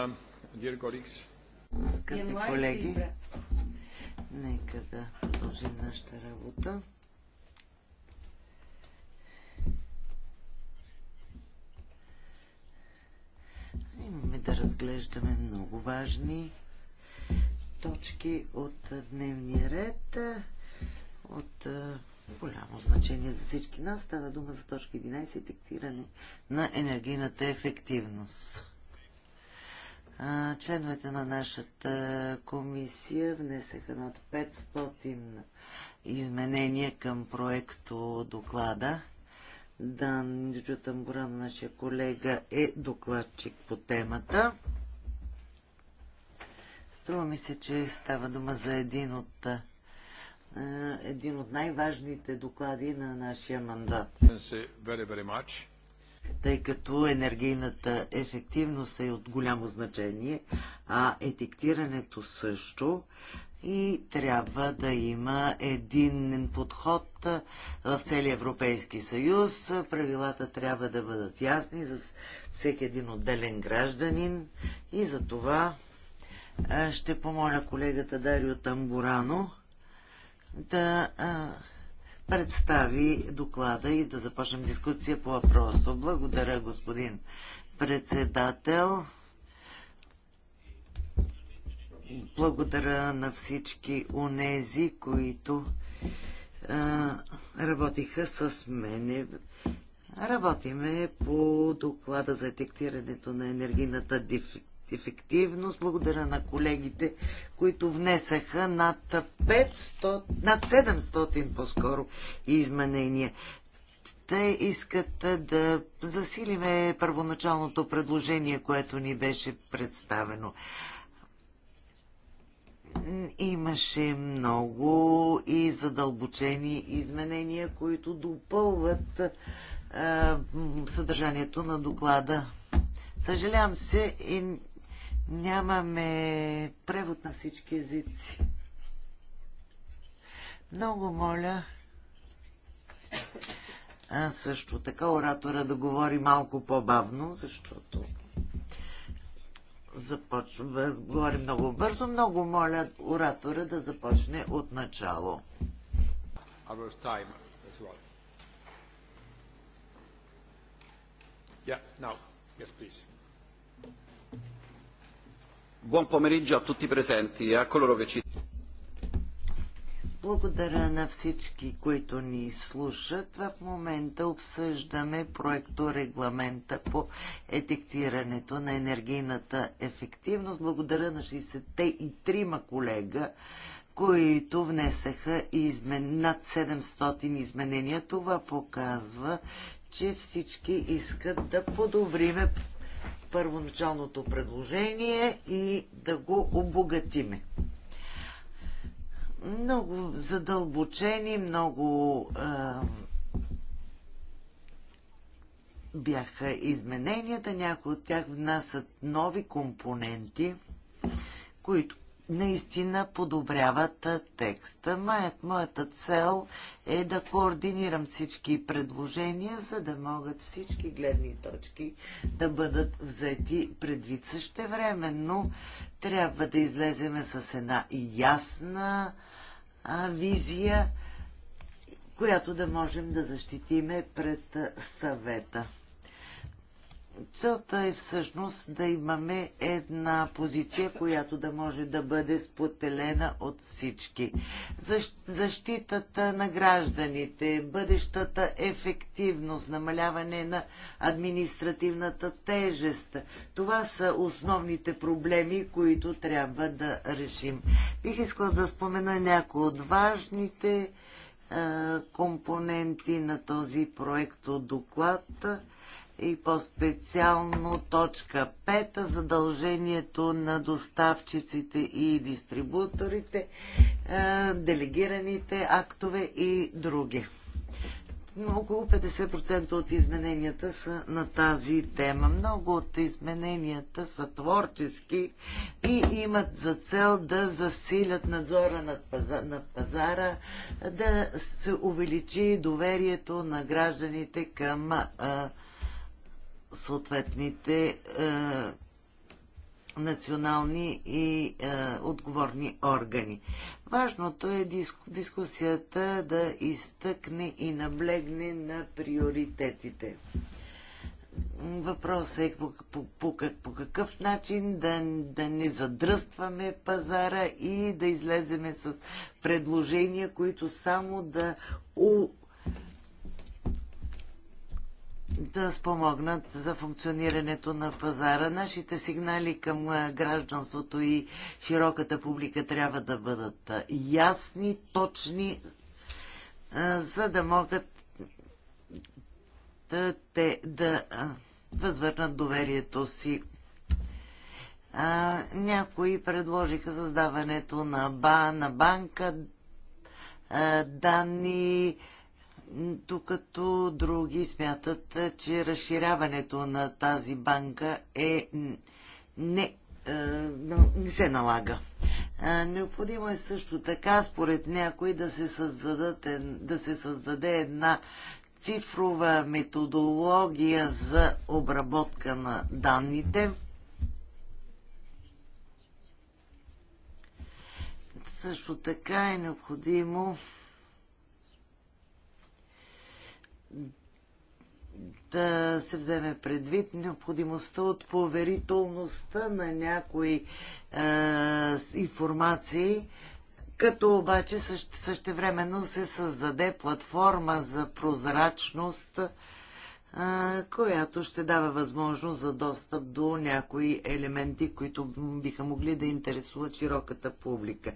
Um, Скъпи колеги, нека да продължим нашата работа. Имаме да разглеждаме много важни точки от дневния ред, от голямо значение за всички нас. Става дума за точка 11 тектиране на енергийната ефективност членовете на нашата комисия внесеха над 500 изменения към проекто доклада. Дан Джутамбуран, нашия колега, е докладчик по темата. Струва ми се, че става дума за един от един от най-важните доклади на нашия мандат. Very, very тъй като енергийната ефективност е от голямо значение, а етиктирането също и трябва да има един подход в целия Европейски съюз. Правилата трябва да бъдат ясни за всеки един отделен гражданин и за това ще помоля колегата Дарио Тамбурано да представи доклада и да започнем дискусия по въпроса. Благодаря, господин председател. Благодаря на всички унези, които а, работиха с мене. Работиме по доклада за етектирането на енергийната дефицит ефективност. Благодаря на колегите, които внесаха над 500, над 700 по-скоро изменения. Те искат да засилиме първоначалното предложение, което ни беше представено имаше много и задълбочени изменения, които допълват съдържанието на доклада. Съжалявам се и Нямаме превод на всички езици. Много моля а също така оратора да говори малко по-бавно, защото започва, говори много бързо. Много моля оратора да започне от начало. Yeah, now. Yes, please. Buon pomeriggio a tutti presenti e a coloro che ci... Благодаря на всички, които ни слушат. В момента обсъждаме проекто регламента по етиктирането на енергийната ефективност. Благодаря на 60-те и трима колега, които внесаха измен... над 700 изменения. Това показва, че всички искат да подобриме първоначалното предложение и да го обогатиме. Много задълбочени, много а, бяха измененията. Някои от тях внасят нови компоненти, които, наистина подобряват текста. Моят, моята цел е да координирам всички предложения, за да могат всички гледни точки да бъдат взети предвид. Същевременно трябва да излеземе с една ясна а, визия, която да можем да защитиме пред съвета. Целта е всъщност да имаме една позиция, която да може да бъде споделена от всички. Защитата на гражданите, бъдещата ефективност, намаляване на административната тежест. Това са основните проблеми, които трябва да решим. Бих искала да спомена някои от важните компоненти на този проект от доклад и по-специално точка 5 задължението на доставчиците и дистрибуторите, е, делегираните актове и други. Около 50% от измененията са на тази тема. Много от измененията са творчески и имат за цел да засилят надзора на пазара, да се увеличи доверието на гражданите към а, е, съответните е, национални и е, отговорни органи. Важното е диску, дискусията да изтъкне и наблегне на приоритетите. Въпросът е по, по, по, по какъв начин да, да не задръстваме пазара и да излеземе с предложения, които само да да спомогнат за функционирането на пазара. Нашите сигнали към гражданството и широката публика трябва да бъдат ясни, точни, за да могат да, те да възвърнат доверието си. А, някои предложиха създаването на, ба, на банка, а, данни, а, докато други смятат, че разширяването на тази банка е не, не се налага. Необходимо е също така, според някои, да се, създадат, да се създаде една цифрова методология за обработка на данните. Също така е необходимо да се вземе предвид необходимостта от поверителността на някои е, информации, като обаче също, същевременно се създаде платформа за прозрачност, е, която ще дава възможност за достъп до някои елементи, които биха могли да интересуват широката публика.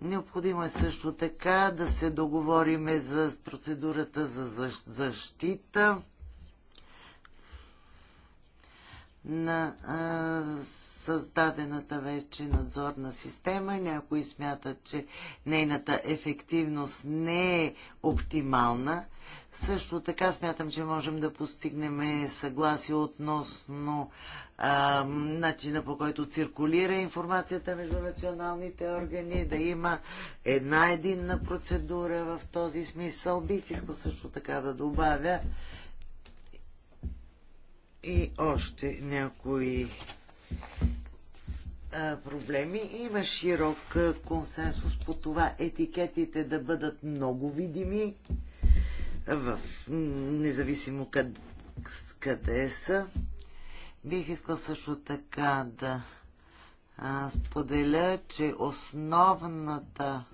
Необходимо е също така да се договориме за процедурата за защита на а, създадената вече надзорна система. Някои смятат, че нейната ефективност не е оптимална. Също така смятам, че можем да постигнем съгласие относно а, начина по който циркулира информацията между националните органи, да има една единна процедура в този смисъл. Бих искал също така да добавя и още някои проблеми. Има широк консенсус по това етикетите да бъдат много видими в независимо къде, къде са. Бих искал също така да а, споделя, че основната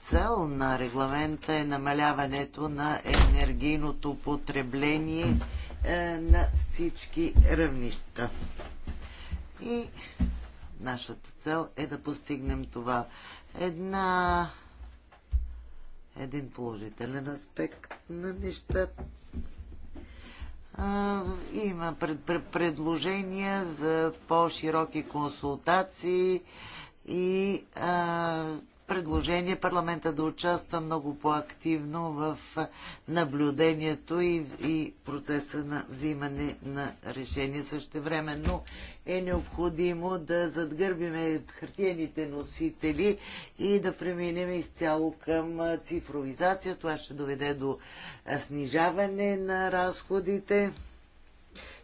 цел на регламента е намаляването на енергийното потребление а, е, на всички равнища. И нашата цел е да постигнем това. Една един положителен аспект на нещата. Има пред, пред, предложения за по-широки консултации и а, предложение парламента да участва много по-активно в наблюдението и, и процеса на взимане на решение. Същевременно е необходимо да задгърбиме хартиените носители и да преминем изцяло към цифровизация. Това ще доведе до снижаване на разходите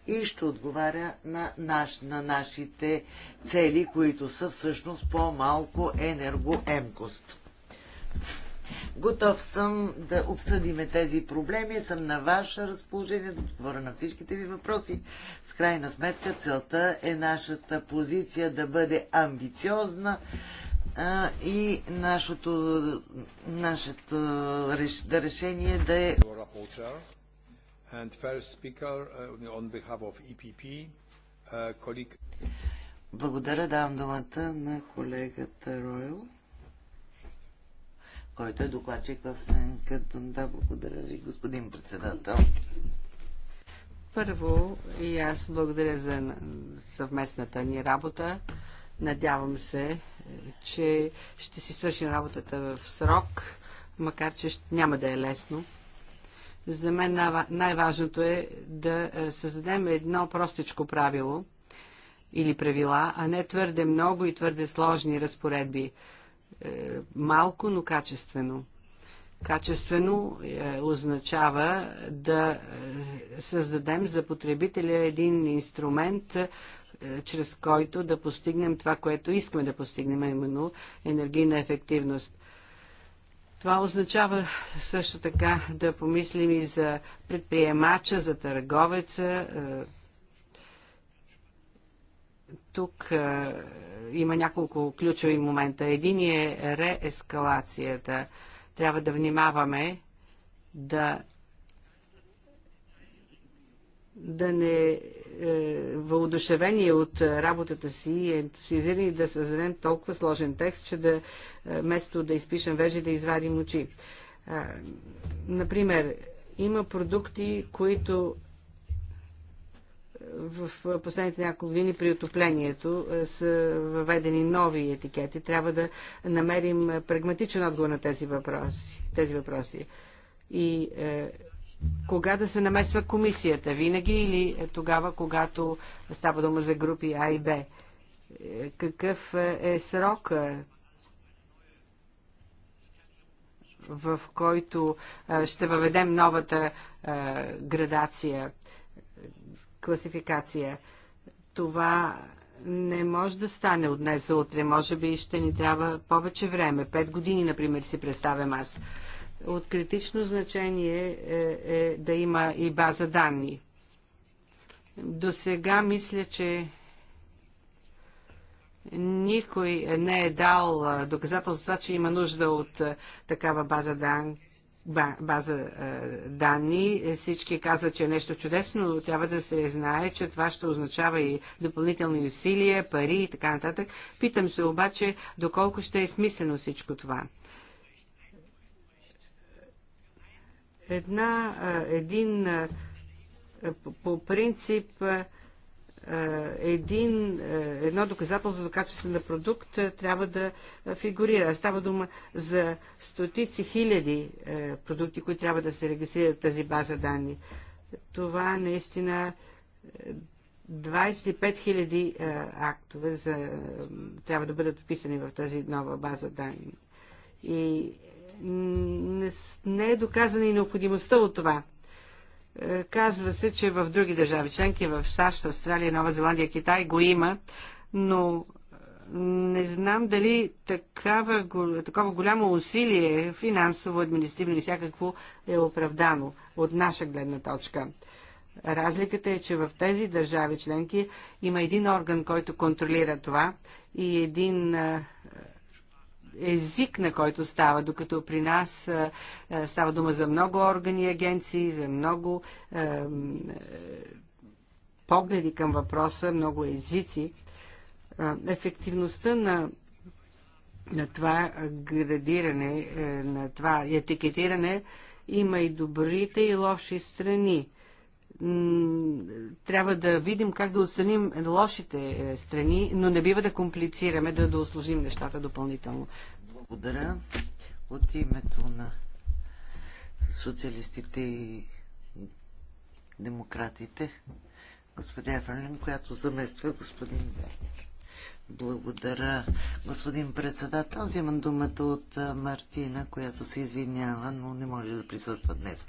и ще отговаря на, наш, на нашите цели, които са всъщност по-малко енергоемкост. Готов съм да обсъдиме тези проблеми, съм на ваше разположение, да отговоря на всичките ви въпроси. В крайна сметка целта е нашата позиция да бъде амбициозна а, и нашето, нашето реш, да решение да е And first speaker uh, on behalf of EPP, uh, colleague... Благодаря, давам думата на колегата Ройл, който е докладчик в Сенка Дунда. благодаря ви, господин председател. Първо и аз благодаря за съвместната ни работа. Надявам се, че ще си свършим работата в срок, макар че няма да е лесно. За мен най-важното е да е, създадем едно простичко правило или правила, а не твърде много и твърде сложни разпоредби. Е, малко, но качествено. Качествено е, означава да създадем за потребителя един инструмент, чрез който да постигнем това, което искаме да постигнем, именно енергийна ефективност. Това означава също така да помислим и за предприемача, за търговеца. Е, тук е, има няколко ключови момента. Един е реескалацията. Трябва да внимаваме да да не е, въодушевени от работата си и ентусиазирани да създадем толкова сложен текст, че да е, вместо да изпишем вежи, да извадим очи. Е, например, има продукти, които в последните няколко години при отоплението е, са въведени нови етикети. Трябва да намерим прагматичен отговор на тези въпроси. Тези въпроси. И е, кога да се намесва комисията? Винаги или тогава, когато става дума за групи А и Б? Какъв е срок? в който ще въведем новата градация, класификация. Това не може да стане от днес за утре. Може би ще ни трябва повече време. Пет години, например, си представям аз. От критично значение е, е да има и база данни. До сега мисля, че никой не е дал това, че има нужда от такава база данни база данни. Всички казват, че е нещо чудесно, но трябва да се знае, че това ще означава и допълнителни усилия, пари и така нататък. Питам се обаче, доколко ще е смислено всичко това. Една, един по принцип е, един, е, едно доказателство за качество на продукт е, трябва да фигурира. Става дума за стотици хиляди продукти, които трябва да се регистрират в тази база данни. Това наистина 25 хиляди актове за, трябва да бъдат вписани в тази нова база данни. И не, не е доказана и необходимостта от това. Е, казва се, че в други държави членки, в САЩ, Австралия, Нова Зеландия, Китай го има, но е, не знам дали такава, такова голямо усилие, финансово, административно и всякакво, е оправдано от наша гледна точка. Разликата е, че в тези държави членки има един орган, който контролира това и един а, е, език, на който става, докато при нас става дума за много органи, агенции, за много погледи към въпроса, много езици. Ефективността на на това градиране, е, на това етикетиране има и добрите и лоши страни трябва да видим как да оценим лошите е, страни, но не бива да комплицираме, да доосложим нещата допълнително. Благодаря. От името на социалистите и демократите, господин Ефрелин, която замества господин Вернер. Благодаря, господин председател. Взимам думата от Мартина, която се извинява, но не може да присъства днес.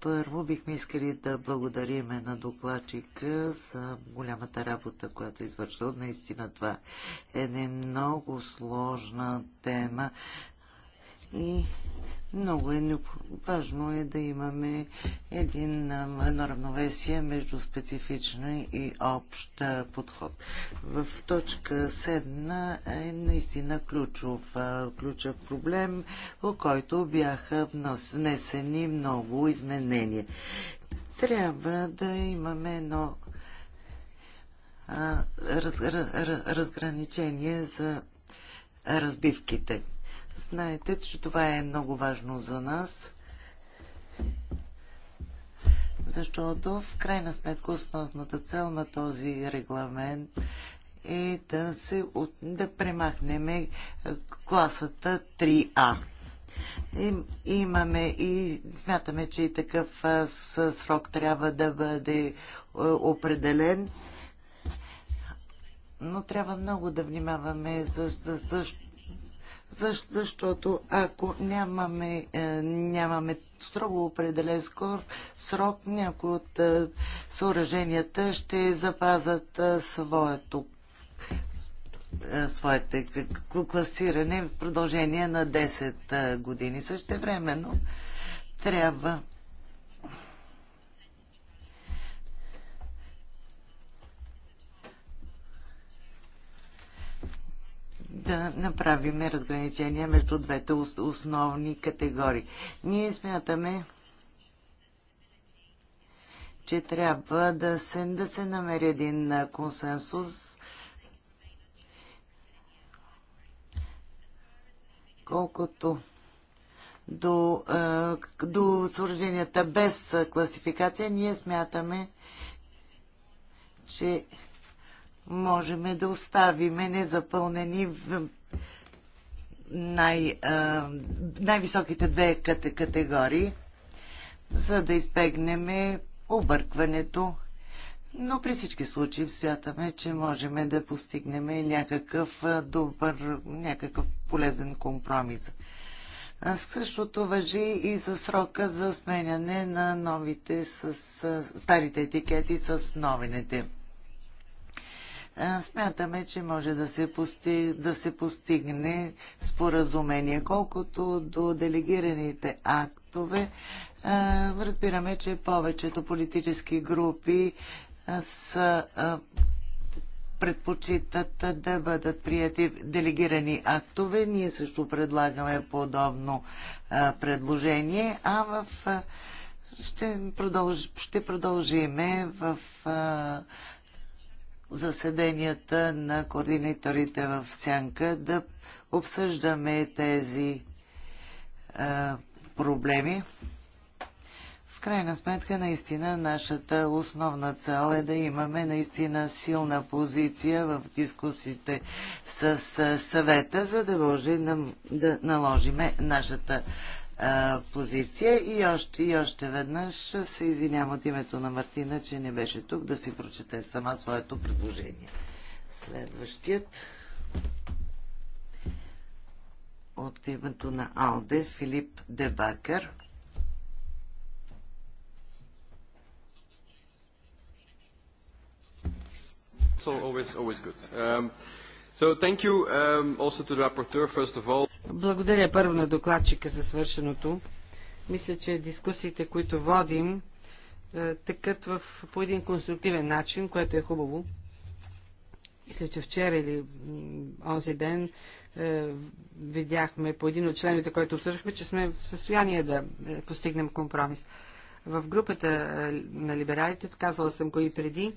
Първо бихме искали да благодарим на докладчика за голямата работа, която е извършил. Наистина това е една много сложна тема и много е важно е да имаме един, едно равновесие между специфичен и общ подход. В точка 7 е наистина ключов, ключов проблем, по който бяха внесени много изменения. Трябва да имаме едно раз, раз, разграничение за разбивките. Знаете, че това е много важно за нас, защото в крайна сметка основната цел на този регламент е да, се, да премахнем класата 3А. Имаме и смятаме, че и такъв срок трябва да бъде е, определен, но трябва много да внимаваме за, за, за, защо, защото ако нямаме, е, нямаме строго определен скор, срок, някои от е, съоръженията ще запазят е, своето е, своите класиране в продължение на 10 е, години. времено трябва да направим разграничения между двете основни категории. Ние смятаме, че трябва да се, да се намери един консенсус колкото до, до съоръженията без класификация, ние смятаме, че можем да оставиме незапълнени в най, а, най-високите две категории, за да избегнем объркването. Но при всички случаи святаме, че можем да постигнем някакъв добър, някакъв полезен компромис. същото въжи и за срока за сменяне на новите с, с старите етикети с новините смятаме, че може да се, пости, да се постигне споразумение. Колкото до делегираните актове, разбираме, че повечето политически групи са предпочитат да бъдат прияти делегирани актове. Ние също предлагаме подобно предложение, а в ще, продълж, ще продължиме в а, заседенията на координаторите в Сянка да обсъждаме тези а, проблеми. В крайна сметка, наистина, нашата основна цел е да имаме наистина силна позиция в дискусите с съвета, за да може да наложиме нашата а, позиция. И още, и още веднъж се извинявам от името на Мартина, че не беше тук да си прочете сама своето предложение. Следващият от името на Алде Филип Дебакър. So always, always good. Um, so thank you um, also to the rapporteur, first of all. Благодаря първо на докладчика за свършеното. Мисля, че дискусиите, които водим, е, тъкат в, по един конструктивен начин, което е хубаво. Мисля, че вчера или онзи ден е, видяхме по един от членовете, който обсъждахме, че сме в състояние да е, постигнем компромис. В групата на либералите, казвала съм го и преди,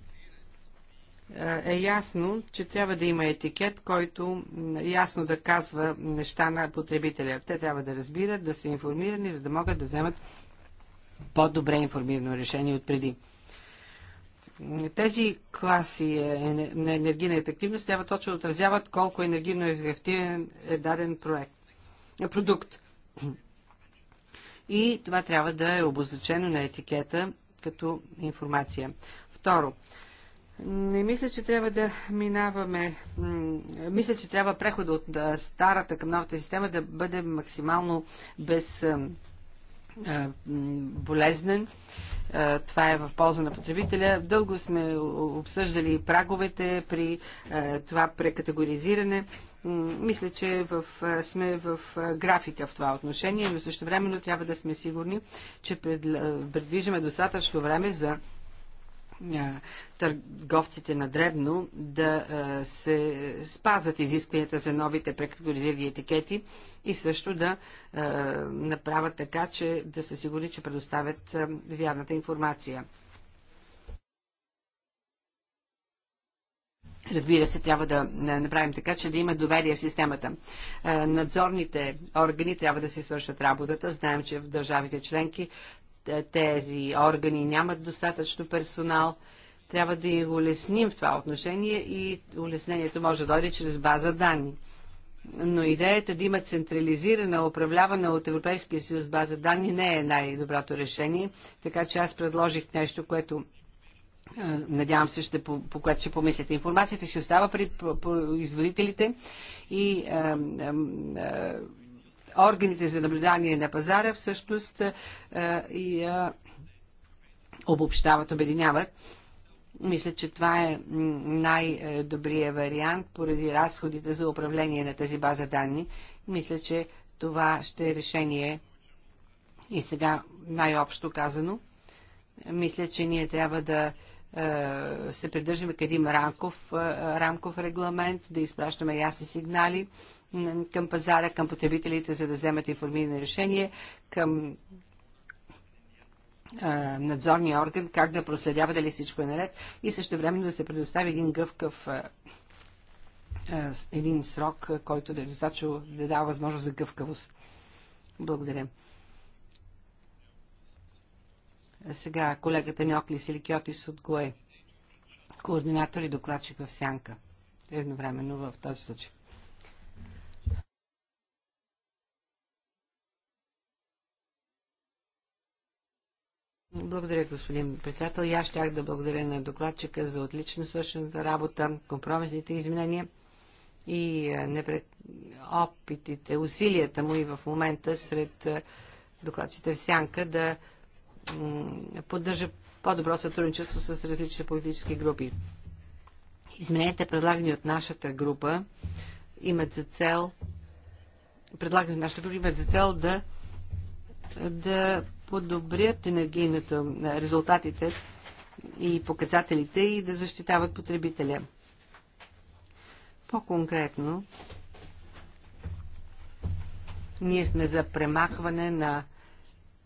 е ясно, че трябва да има етикет, който ясно да казва неща на потребителя. Те трябва да разбират, да са информирани, за да могат да вземат по-добре информирано решение от преди. Тези класи е, на енергийна ефективност трябва точно да отразяват колко енергийно ефективен е даден проект, продукт. И това трябва да е обозначено на етикета като информация. Второ, не мисля, че трябва да минаваме. Мисля, че трябва преход от старата към новата система да бъде максимално без болезнен. Това е в полза на потребителя. Дълго сме обсъждали праговете при това прекатегоризиране. Мисля, че в, сме в графика в това отношение, но също времено трябва да сме сигурни, че предвиждаме достатъчно време за търговците на дребно да се спазват изискванията за новите прекатегоризирани етикети и също да направят така, че да се сигури, че предоставят вярната информация. Разбира се, трябва да направим така, че да има доверие в системата. Надзорните органи трябва да си свършат работата. Знаем, че в държавите членки тези органи нямат достатъчно персонал. Трябва да ги улесним в това отношение и улеснението може да дойде чрез база данни. Но идеята да има централизирана, управлявана от Европейския съюз база данни не е най-доброто решение, така че аз предложих нещо, което надявам се, ще, по, по което ще помислите. Информацията си остава при производителите и органите за наблюдание на пазара всъщност е, и е, обобщават, обединяват. Мисля, че това е най-добрият вариант поради разходите за управление на тази база данни. Мисля, че това ще е решение и сега най-общо казано. Мисля, че ние трябва да е, се придържаме към един рамков, рамков регламент, да изпращаме ясни сигнали към пазара, към потребителите, за да вземат информирани решения, към надзорния орган, как да проследява дали всичко е наред и също времено да се предостави един гъвкав един срок, който да е достатъчно да дава възможност за гъвкавост. Благодаря. Сега колегата Ньокли Силикиотис от ГОЕ, координатор и докладчик в Сянка, едновременно в този случай. Благодаря, господин председател. И аз щях да благодаря на докладчика за отлично свършената работа, компромисните изменения и е, непред... опитите, усилията му и в момента сред е, докладчите в сянка да поддържа по-добро сътрудничество с различни политически групи. Измененията, предлагани от нашата група, имат за цел предлагани от нашата група имат за цел да да подобрят енергийната е, резултатите и показателите и да защитават потребителя. По-конкретно, ние сме за премахване на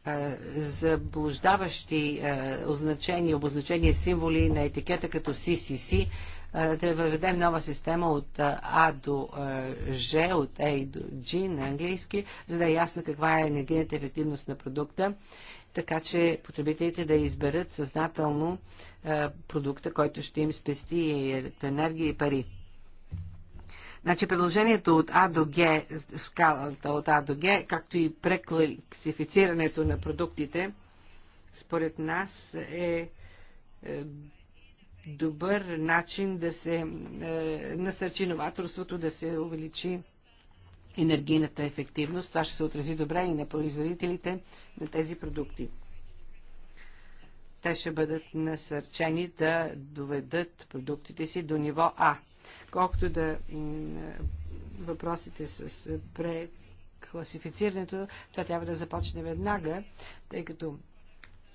е, заблуждаващи е, означения, обозначения символи на етикета като CCC, да въведем нова система от А до Ж, от A до G на английски, за да е ясно каква е енергийната ефективност на продукта, така че потребителите да изберат съзнателно продукта, който ще им спести и електроенергия и пари. Значи предложението от А до Г, скалата от А до Г, както и прекласифицирането на продуктите, според нас е, е добър начин да се е, насърчи новаторството, да се увеличи енергийната ефективност. Това ще се отрази добре и на производителите на тези продукти. Те ще бъдат насърчени да доведат продуктите си до ниво А. Колкото да въпросите с прекласифицирането, това трябва да започне веднага, тъй като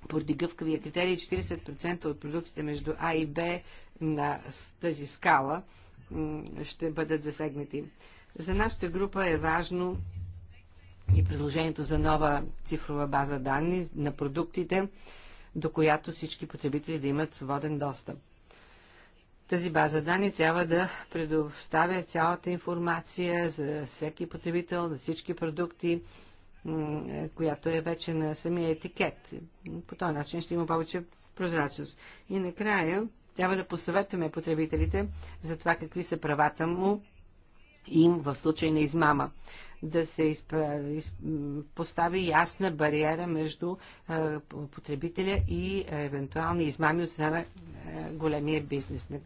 поради гъвкавия критерий 40% от продуктите между А и Б на тази скала ще бъдат засегнати. За нашата група е важно и предложението за нова цифрова база данни на продуктите, до която всички потребители да имат свободен достъп. Тази база данни трябва да предоставя цялата информация за всеки потребител, за всички продукти, е, която е вече на самия етикет. По този начин ще има повече прозрачност. И накрая трябва да посъветваме потребителите за това какви са правата му им в случай на измама да се изпра... из... постави ясна бариера между е, потребителя и е, евентуални измами от страна е, големия бизнес, на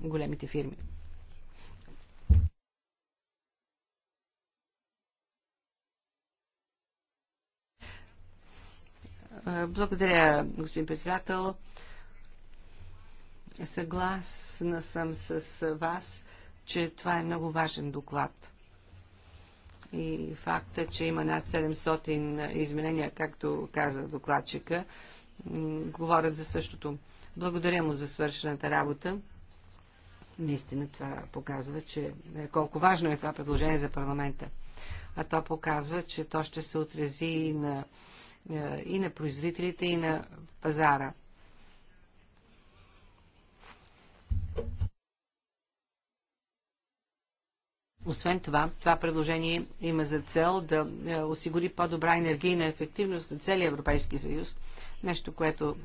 големите фирми. Благодаря, господин председател. Съгласна съм с вас, че това е много важен доклад. И факта, че има над 700 изменения, както каза докладчика, говорят за същото. Благодаря му за свършената работа. Наистина това показва, че е, колко важно е това предложение за парламента. А то показва, че то ще се отрази и на е, и на производителите, и на пазара. Освен това, това предложение има за цел да е, осигури по-добра енергийна ефективност на целия Европейски съюз, нещо, което,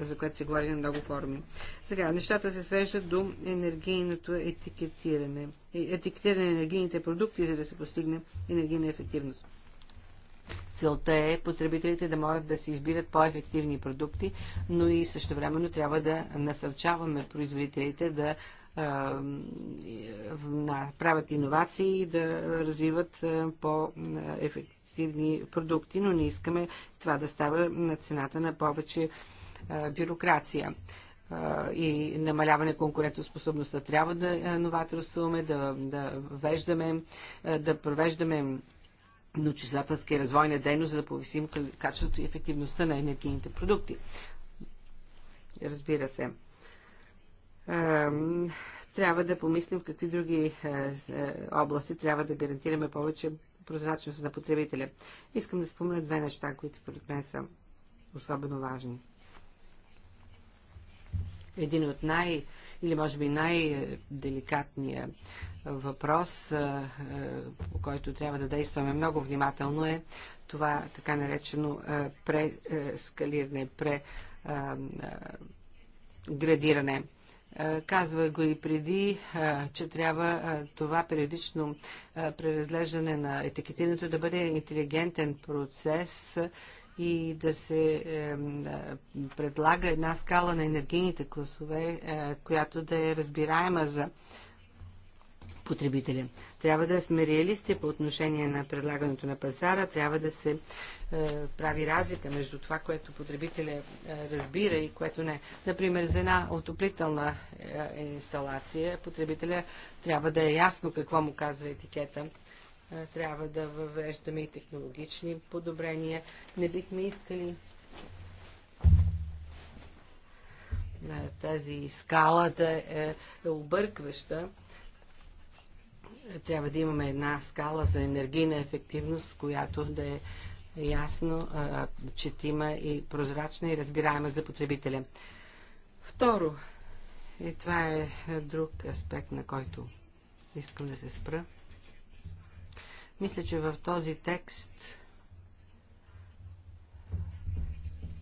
е, за което се говори на много форми. Сега, нещата се свеждат до енергийното етикетиране. Етикетиране на енергийните продукти, за да се постигне енергийна ефективност. Целта е потребителите да могат да се избират по-ефективни продукти, но и също времено трябва да насърчаваме производителите да правят иновации и да развиват по-ефективни продукти, но не искаме това да става на цената на повече бюрокрация и намаляване конкурентоспособността. Трябва да новаторстваме, да, да веждаме, да провеждаме научно-изследователска развойна дейност, за да повисим качеството и ефективността на енергийните продукти. Разбира се. Трябва да помислим в какви други е, е, области трябва да гарантираме повече прозрачност на потребителя. Искам да спомня две неща, които според мен са особено важни. Един от най- или може би най деликатния въпрос, е, който трябва да действаме много внимателно е това така наречено е, прескалиране, преградиране. Е, е, казва го и преди, че трябва това периодично преразглеждане на етикетирането да бъде интелигентен процес и да се предлага една скала на енергийните класове, която да е разбираема за потребителя. Трябва да сме реалисти по отношение на предлагането на пазара, трябва да се е, прави разлика между това, което потребителя е, разбира и което не. Например, за една отоплителна е, инсталация потребителя трябва да е ясно какво му казва етикета. Е, трябва да въвеждаме и технологични подобрения. Не бихме искали е, тази скала да е, е объркваща трябва да имаме една скала за енергийна ефективност, която да е ясно, четима и прозрачна и разбираема за потребителя. Второ, и това е, е друг аспект, на който искам да се спра. Мисля, че в този текст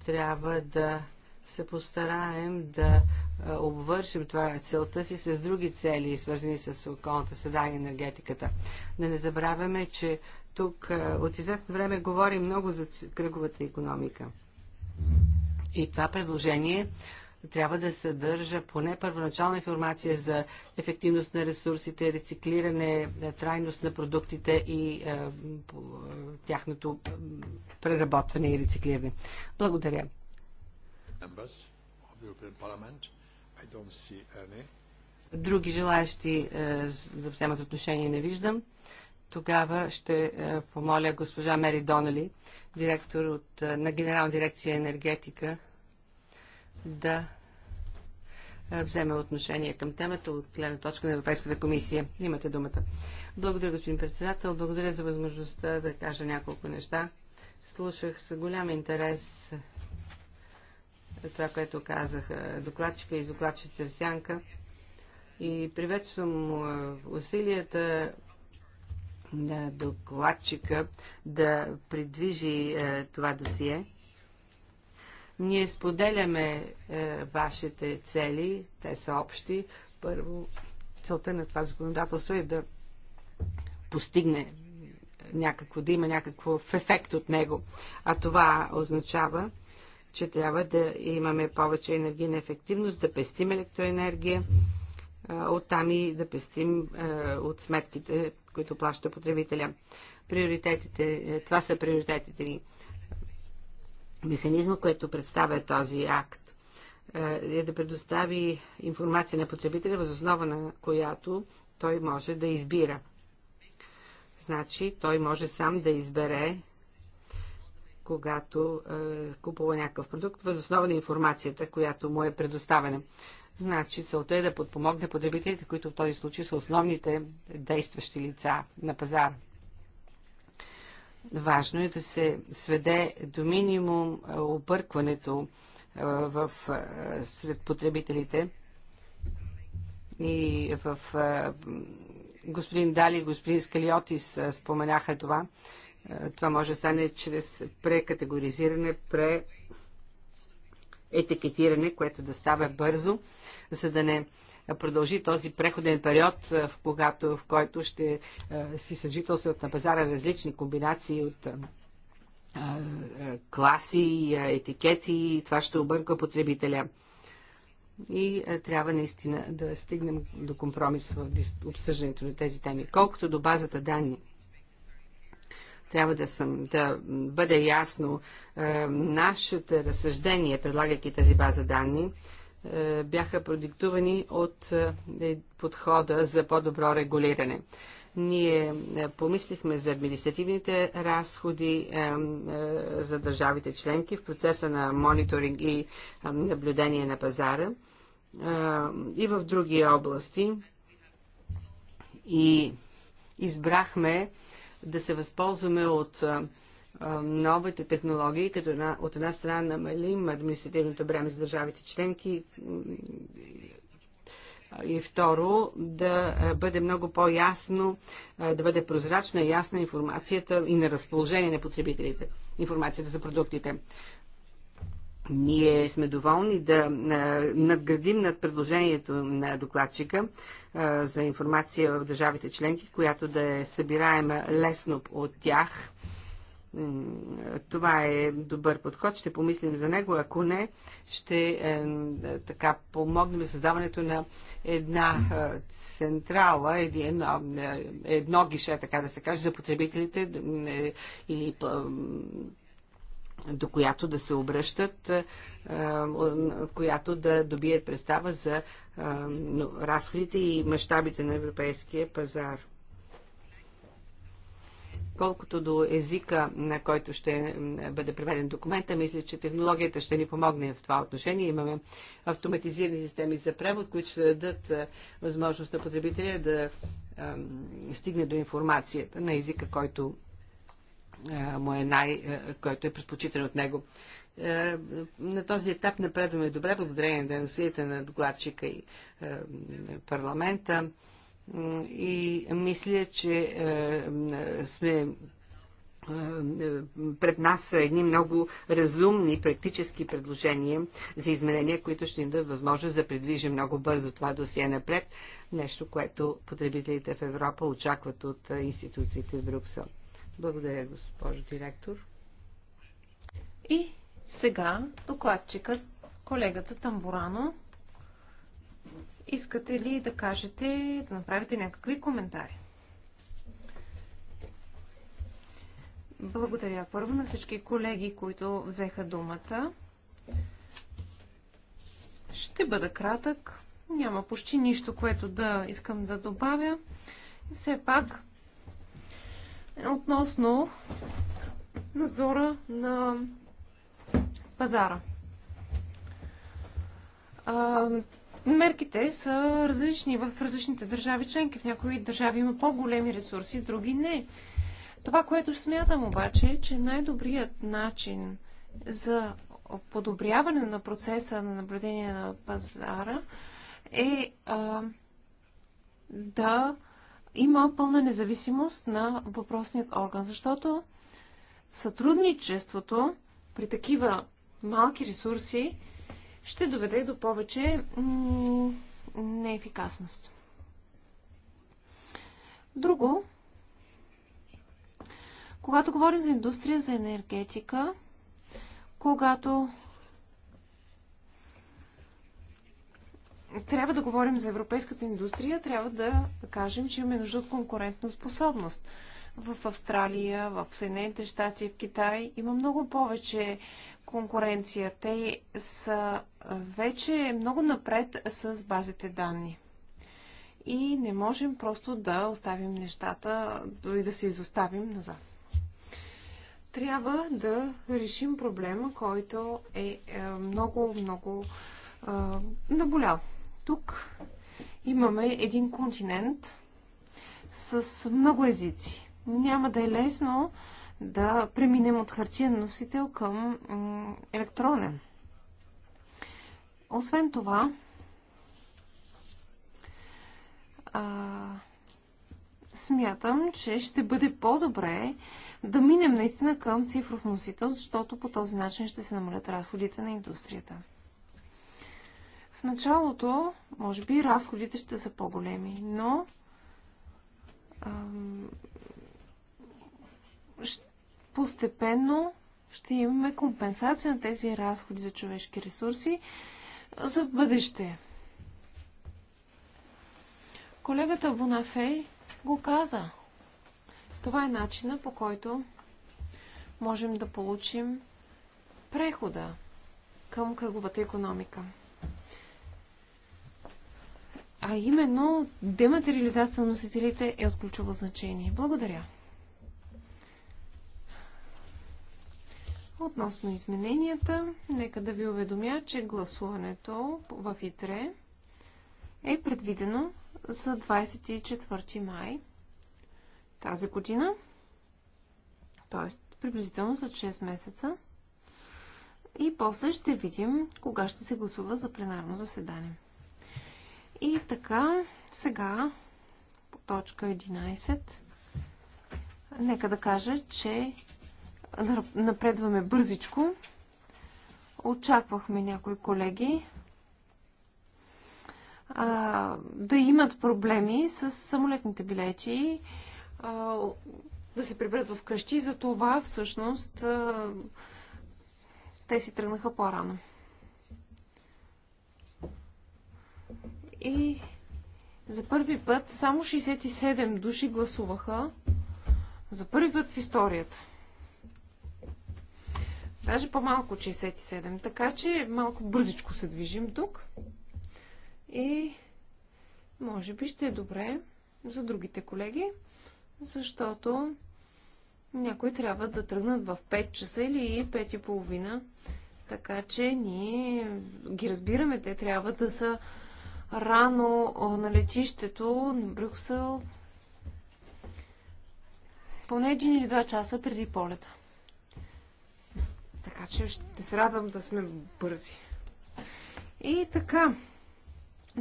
трябва да се постараем да е, обвършим това целта си с други цели, свързани с околната среда и енергетиката. Да не забравяме, че тук е, от известно време говорим много за кръговата економика. И това предложение трябва да съдържа поне първоначална информация за ефективност на ресурсите, рециклиране, е, трайност на продуктите и е, по, тяхното преработване и рециклиране. Благодаря. Members of European Parliament. Други желаящи е, да вземат отношение не виждам. Тогава ще е, помоля госпожа Мери Донали, директор от, е, на Генерална дирекция енергетика, да вземе отношение към темата от гледна точка на Европейската комисия. Имате думата. Благодаря, господин председател. Благодаря за възможността да кажа няколко неща. Слушах с голям интерес това, което казаха докладчика и докладчица в сянка. И приветствам усилията на докладчика да придвижи това досие. Ние споделяме вашите цели, те са общи. Първо, целта на това законодателство е да постигне някакво, да има някакво ефект от него. А това означава че трябва да имаме повече енергийна ефективност, да пестим електроенергия, оттам и да пестим от сметките, които плаща потребителя. Приоритетите, е, това са приоритетите ни. Механизма, който представя този акт, е, е да предостави информация на потребителя, възоснова на която той може да избира. Значи той може сам да избере когато е, купува някакъв продукт, възоснова на информацията, която му е предоставена. Значи целта е да подпомогне потребителите, които в този случай са основните действащи лица на пазара. Важно е да се сведе до минимум е, объркването е, в, е, сред потребителите и в господин Дали и господин Скалиотис споменаха това. Това може да стане чрез прекатегоризиране, пре етикетиране, което да става бързо, за да не продължи този преходен период, в, когато, в който ще е, си съжителстват на пазара различни комбинации от е, е, класи, етикети и това ще обърка потребителя. И трябва наистина да стигнем до компромис в обсъждането на тези теми. Колкото до базата данни, трябва да, съм, да бъде ясно е, нашите разсъждения, предлагайки тази база данни, е, бяха продиктувани от е, е подхода за по-добро регулиране ние е, помислихме за административните разходи е, е, за държавите членки в процеса на мониторинг и е, наблюдение на пазара е, и в други области. И избрахме да се възползваме от новите технологии, като една, от една страна намалим административното бреме за държавите членки и второ да бъде много по-ясно, да бъде прозрачна и ясна информацията и на разположение на потребителите, информацията за продуктите. Ние сме доволни да надградим над предложението на докладчика за информация в държавите членки, която да е събираема лесно от тях. Това е добър подход. Ще помислим за него. Ако не, ще е, така помогнем създаването на една е, централа, едно, е, едно гише, така да се каже, за потребителите е, и до която да се обръщат, е, която да добият представа за е, разходите и мащабите на европейския пазар. Колкото до езика, на който ще бъде преведен документа, мисля, че технологията ще ни помогне в това отношение. Имаме автоматизирани системи за превод, които ще дадат е, възможност на потребителя да стигне до информацията на езика, който му е най, който е предпочитан от него. На този етап напредваме добре, благодарение на усилията на докладчика и парламента. И мисля, че сме пред нас са едни много разумни практически предложения за изменения, които ще ни дадат възможност да придвижим много бързо това досие напред, нещо, което потребителите в Европа очакват от институциите в Брюксел. Благодаря, госпожо директор. И сега докладчикът, колегата Тамбурано, искате ли да кажете, да направите някакви коментари? Благодаря първо на всички колеги, които взеха думата. Ще бъда кратък. Няма почти нищо, което да искам да добавя. Все пак относно надзора на пазара. А, мерките са различни в различните държави членки. В някои държави има по-големи ресурси, в други не. Това, което смятам обаче е, че най-добрият начин за подобряване на процеса на наблюдение на пазара е а, да има пълна независимост на въпросният орган, защото сътрудничеството при такива малки ресурси ще доведе до повече неефикасност. Друго, когато говорим за индустрия, за енергетика, когато трябва да говорим за европейската индустрия, трябва да кажем, че имаме нужда от конкурентна способност. В Австралия, в Съединените щати, в Китай има много повече конкуренция. Те са вече много напред с базите данни. И не можем просто да оставим нещата и да се изоставим назад. Трябва да решим проблема, който е, е много, много е, наболял. Тук имаме един континент с много езици. Няма да е лесно да преминем от хартиен носител към електронен. Освен това, а, смятам, че ще бъде по-добре да минем наистина към цифров носител, защото по този начин ще се намалят разходите на индустрията. В началото, може би, разходите ще са по-големи, но ам, постепенно ще имаме компенсация на тези разходи за човешки ресурси за бъдеще. Колегата Бунафей го каза. Това е начина по който можем да получим прехода към кръговата економика. А именно дематериализация на носителите е от ключово значение. Благодаря. Относно измененията, нека да ви уведомя, че гласуването в ИТРЕ е предвидено за 24 май тази година, т.е. приблизително за 6 месеца. И после ще видим кога ще се гласува за пленарно заседание. И така, сега по точка 11, нека да кажа, че напредваме бързичко. Очаквахме някои колеги а, да имат проблеми с самолетните билети, а, да се приберат в къщи. За това всъщност а, те си тръгнаха по-рано. И за първи път само 67 души гласуваха. За първи път в историята. Даже по-малко 67. Така че малко бързичко се движим тук. И може би ще е добре за другите колеги, защото някои трябва да тръгнат в 5 часа или 5 и половина. Така че ние ги разбираме, те трябва да са рано на летището на Брюксел, поне един или два часа преди полета. Така че ще се радвам да сме бързи. И така,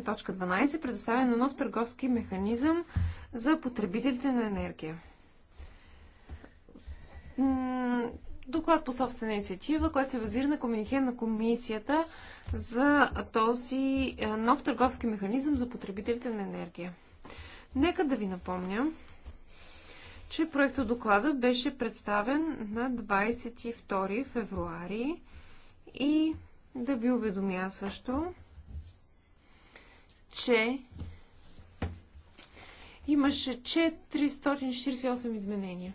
точка 12 предоставя на нов търговски механизъм за потребителите на енергия доклад по собствена инициатива, който се базира на комунике на комисията за този е, нов търговски механизъм за потребителите на енергия. Нека да ви напомня, че проектът доклада беше представен на 22 февруари и да ви уведомя също, че имаше 448 изменения.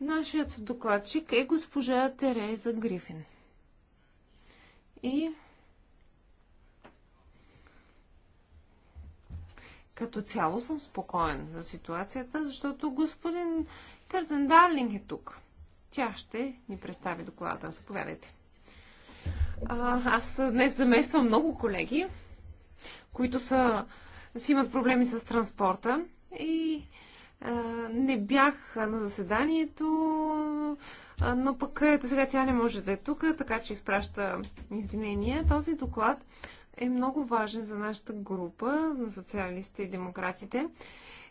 Нашият докладчик е госпожа Тереза Грифин. И като цяло съм спокоен за ситуацията, защото господин Къртен Дарлинг е тук. Тя ще ни представи доклада. Заповядайте. А, аз днес замествам много колеги, които са, си имат проблеми с транспорта и не бях на заседанието, но пък ето сега тя не може да е тук, така че изпраща извинения. Този доклад е много важен за нашата група, на социалистите и демократите,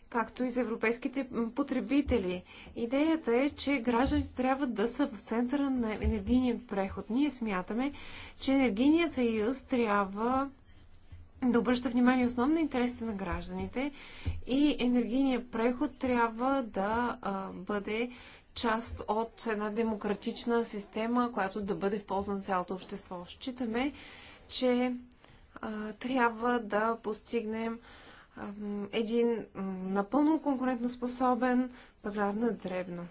както и за европейските потребители. Идеята е, че гражданите трябва да са в центъра на енергийният преход. Ние смятаме, че енергийният съюз трябва да обръща внимание основно на интересите на гражданите и енергийният преход трябва да а, бъде част от една демократична система, която да бъде в полза на цялото общество. Считаме, че а, трябва да постигнем а, един напълно конкурентоспособен пазар на дребно.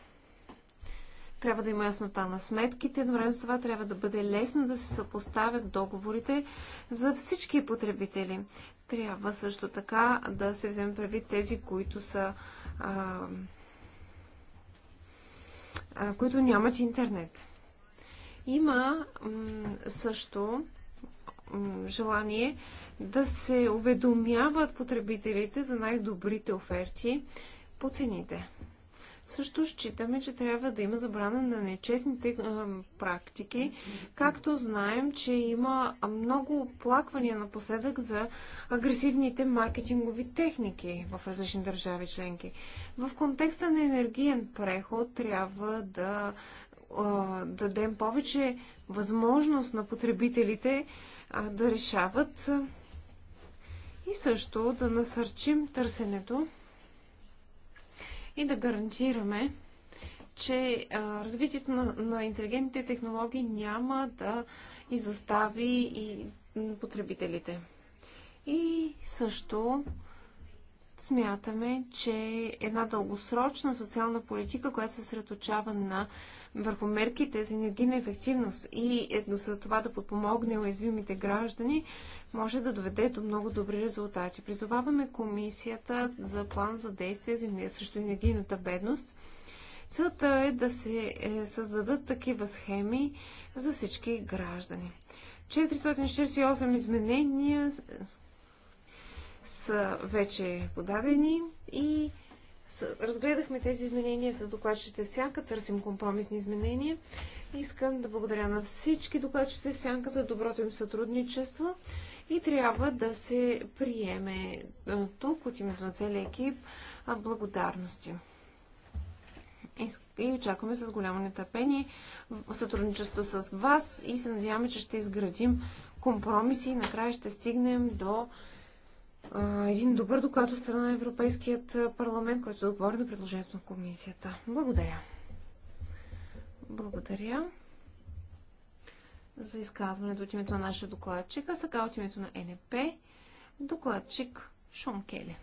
Трябва да има яснота на сметките, но време с това трябва да бъде лесно да се съпоставят договорите за всички потребители. Трябва също така да се вземе прави тези, които са а, а, които нямат интернет. Има също желание да се уведомяват потребителите за най-добрите оферти по цените. Също считаме, че трябва да има забрана на нечестните практики, както знаем, че има много оплаквания напоследък за агресивните маркетингови техники в различни държави членки. В контекста на енергиен преход трябва да дадем повече възможност на потребителите да решават и също да насърчим търсенето и да гарантираме, че а, развитието на, на интелигентните технологии няма да изостави и потребителите. И също смятаме, че една дългосрочна социална политика, която се средочава на върху мерките за енергийна ефективност и е, за това да подпомогне уязвимите граждани, може да доведе до много добри резултати. Призоваваме комисията за план за действие за срещу енергийната бедност. Целта е да се е, създадат такива схеми за всички граждани. 448 изменения са вече подадени и разгледахме тези изменения с докладчите в сянка, търсим компромисни изменения. Искам да благодаря на всички докладчите в сянка за доброто им сътрудничество и трябва да се приеме тук от името на целия екип благодарности. И очакваме с голямо нетърпение сътрудничество с вас и се надяваме, че ще изградим компромиси и накрая ще стигнем до един добър доклад от страна на Европейският парламент, който да отговори на предложението на комисията. Благодаря. Благодаря за изказването от името на нашия докладчик, а сега от името на НП докладчик Шон Келе.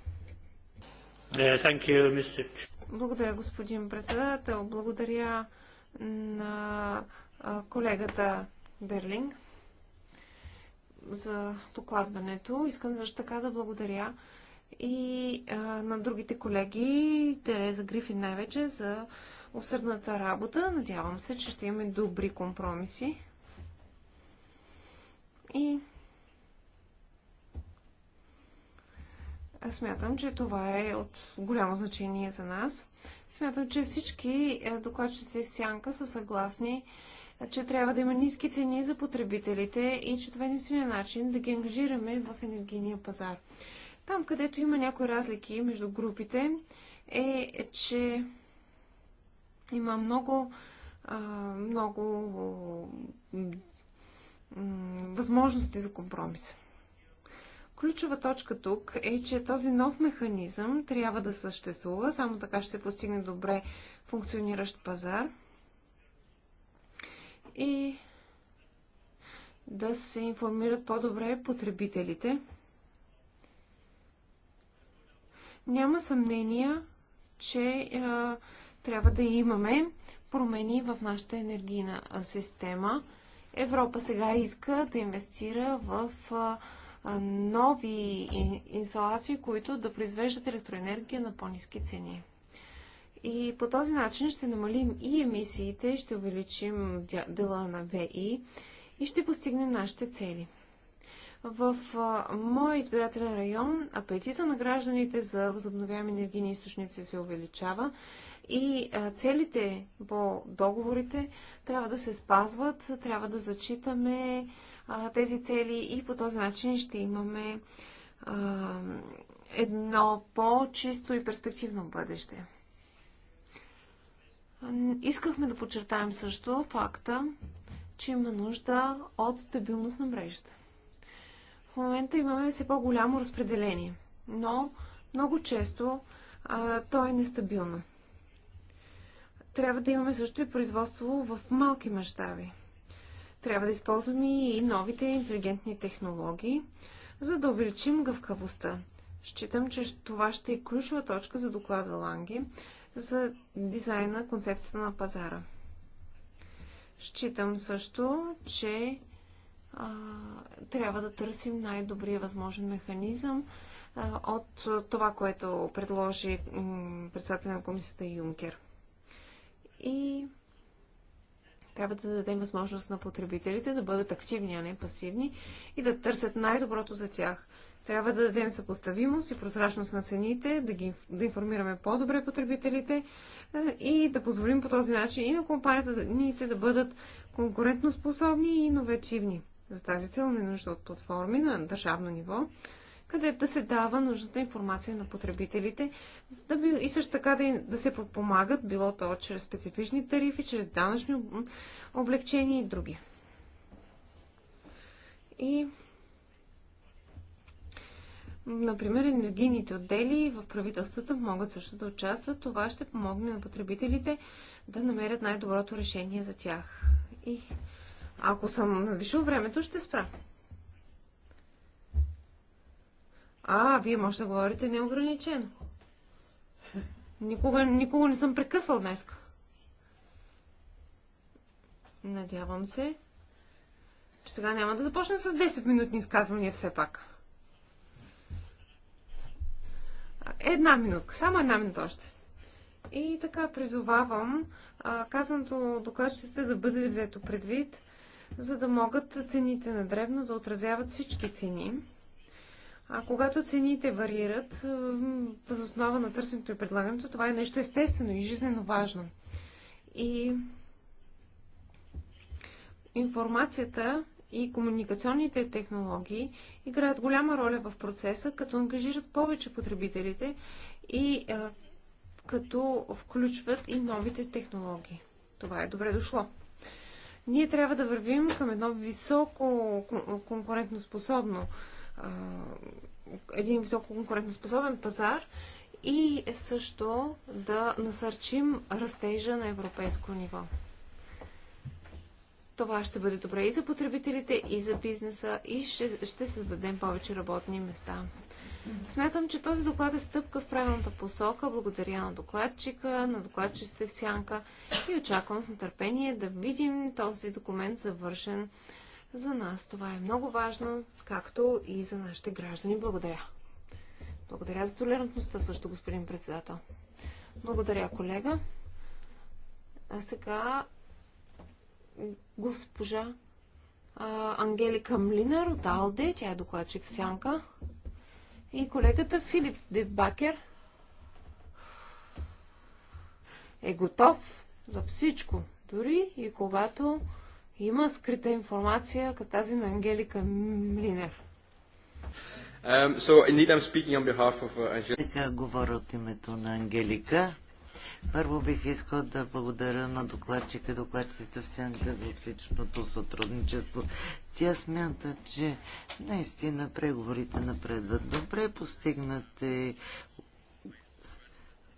Благодаря, господин председател. Благодаря на колегата Дерлинг за докладването. Искам също така да благодаря и а, на другите колеги, Тереза Грифин най-вече, за усърдната работа. Надявам се, че ще имаме добри компромиси. И Аз смятам, че това е от голямо значение за нас. Смятам, че всички докладчици в Сянка са съгласни че трябва да има ниски цени за потребителите и че това е единствения начин да ги ангажираме в енергийния пазар. Там, където има някои разлики между групите, е, че има много, много възможности за компромис. Ключова точка тук е, че този нов механизъм трябва да съществува, само така ще се постигне добре функциониращ пазар – и да се информират по-добре потребителите. Няма съмнение, че а, трябва да имаме промени в нашата енергийна система. Европа сега иска да инвестира в а, нови инсталации, които да произвеждат електроенергия на по-низки цени. И по този начин ще намалим и емисиите, ще увеличим дела на ВИ и ще постигнем нашите цели. В моя избирателен район апетита на гражданите за възобновяеми енергийни източници се увеличава и целите по договорите трябва да се спазват, трябва да зачитаме тези цели и по този начин ще имаме едно по-чисто и перспективно бъдеще. Искахме да подчертаем също факта, че има нужда от стабилност на мрежата. В момента имаме все по-голямо разпределение, но много често а, то е нестабилно. Трябва да имаме също и производство в малки мащаби. Трябва да използваме и новите интелигентни технологии, за да увеличим гъвкавостта. Считам, че това ще е ключова точка за доклада Ланги за дизайна, концепцията на пазара. Считам също, че а, трябва да търсим най-добрия възможен механизъм а, от това, което предложи председателя на комисията Юнкер. И трябва да дадем възможност на потребителите да бъдат активни, а не пасивни и да търсят най-доброто за тях. Трябва да дадем съпоставимост и прозрачност на цените, да, ги, да информираме по-добре потребителите и да позволим по този начин и на компанията да бъдат конкурентоспособни и иновативни. За тази цел не нужда от платформи на държавно ниво, където да се дава нужната информация на потребителите да би, и също така да, да се подпомагат, било то чрез специфични тарифи, чрез данъчни облегчения и други. И Например, енергийните отдели в правителствата могат също да участват. Това ще помогне на потребителите да намерят най-доброто решение за тях. И ако съм надвишил времето, ще спра. А, вие може да говорите неограничено. Никога, никога не съм прекъсвал днес. Надявам се, че сега няма да започна с 10-минутни изказвания все пак. Една минутка, само една минута още. И така призовавам казаното докладчиците да бъде взето предвид, за да могат цените на древно да отразяват всички цени. А когато цените варират въз основа на търсенето и предлагането, това е нещо естествено и жизненно важно. И информацията и комуникационните технологии играят голяма роля в процеса, като ангажират повече потребителите и а, е, като включват и новите технологии. Това е добре дошло. Ние трябва да вървим към едно високо конкурентно способно, а, един високо конкурентно способен пазар и също да насърчим растежа на европейско ниво. Това ще бъде добре и за потребителите, и за бизнеса, и ще, ще създадем повече работни места. Смятам, че този доклад е стъпка в правилната посока. Благодаря на докладчика, на докладчиците в Сянка и очаквам с нетърпение да видим този документ завършен. За нас това е много важно, както и за нашите граждани. Благодаря. Благодаря за толерантността също, господин председател. Благодаря, колега. А сега госпожа а, Ангелика Млинар от АЛДЕ, тя е докладчик в Сянка, и колегата Филип Дебакер е готов за всичко, дори и когато има скрита информация, като тази на Ангелика Млинер. Um, so, indeed, I'm speaking on behalf of Angelica. Uh, говоря от името на Ангелика. Първо бих искал да благодаря на докладчика и докладчиците в Сянка за отличното сътрудничество. Тя смята, че наистина преговорите напредват добре, постигнате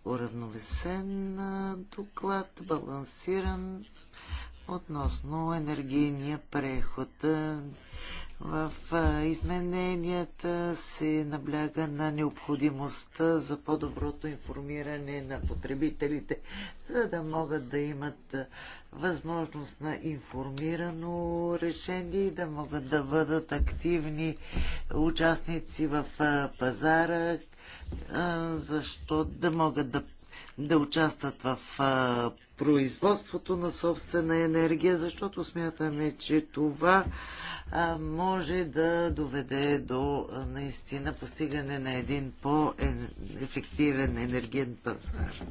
уравновесен доклад, балансиран относно енергийния преход. В измененията се набляга на необходимостта за по-доброто информиране на потребителите, за да могат да имат възможност на информирано решение и да могат да бъдат активни участници в пазара, защото да могат да да участват в а, производството на собствена енергия, защото смятаме, че това а, може да доведе до а, наистина постигане на един по-ефективен енергиен пазар.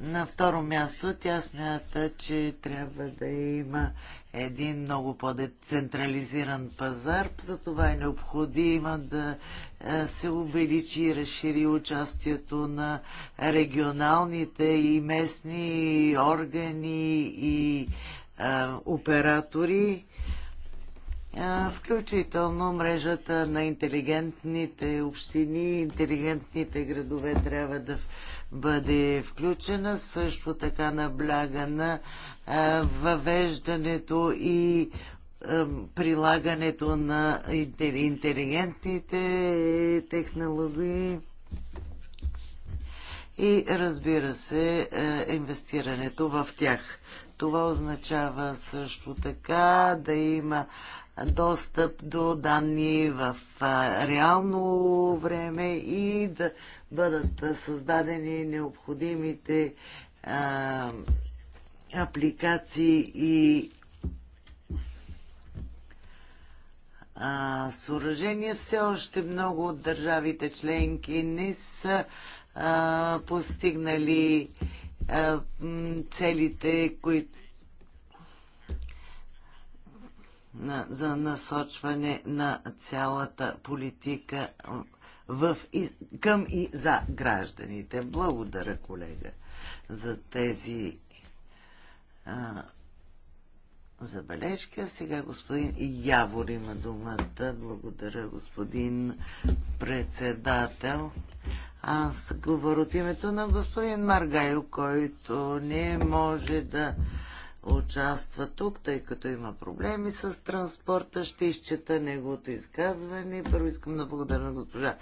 На второ място тя смята, че трябва да има един много по-децентрализиран пазар. това е необходимо да е, се увеличи и разшири участието на регионалните и местни органи и а, е, оператори, а, е, включително мрежата на интелигентните общини, интелигентните градове трябва да бъде включена. Също така набляга на въвеждането и прилагането на интелигентните технологии и разбира се инвестирането в тях. Това означава също така да има достъп до данни в реално време и да бъдат създадени необходимите а, апликации и а, съоръжения. Все още много от държавите членки не са а, постигнали а, целите, които за насочване на цялата политика в, и, към и за гражданите. Благодаря, колега, за тези а, А Сега господин Явор има думата. Благодаря, господин председател. Аз говоря от името на господин Маргайо, който не може да участва тук, тъй като има проблеми с транспорта. Ще изчета неговото изказване. Първо искам да благодаря на госпожа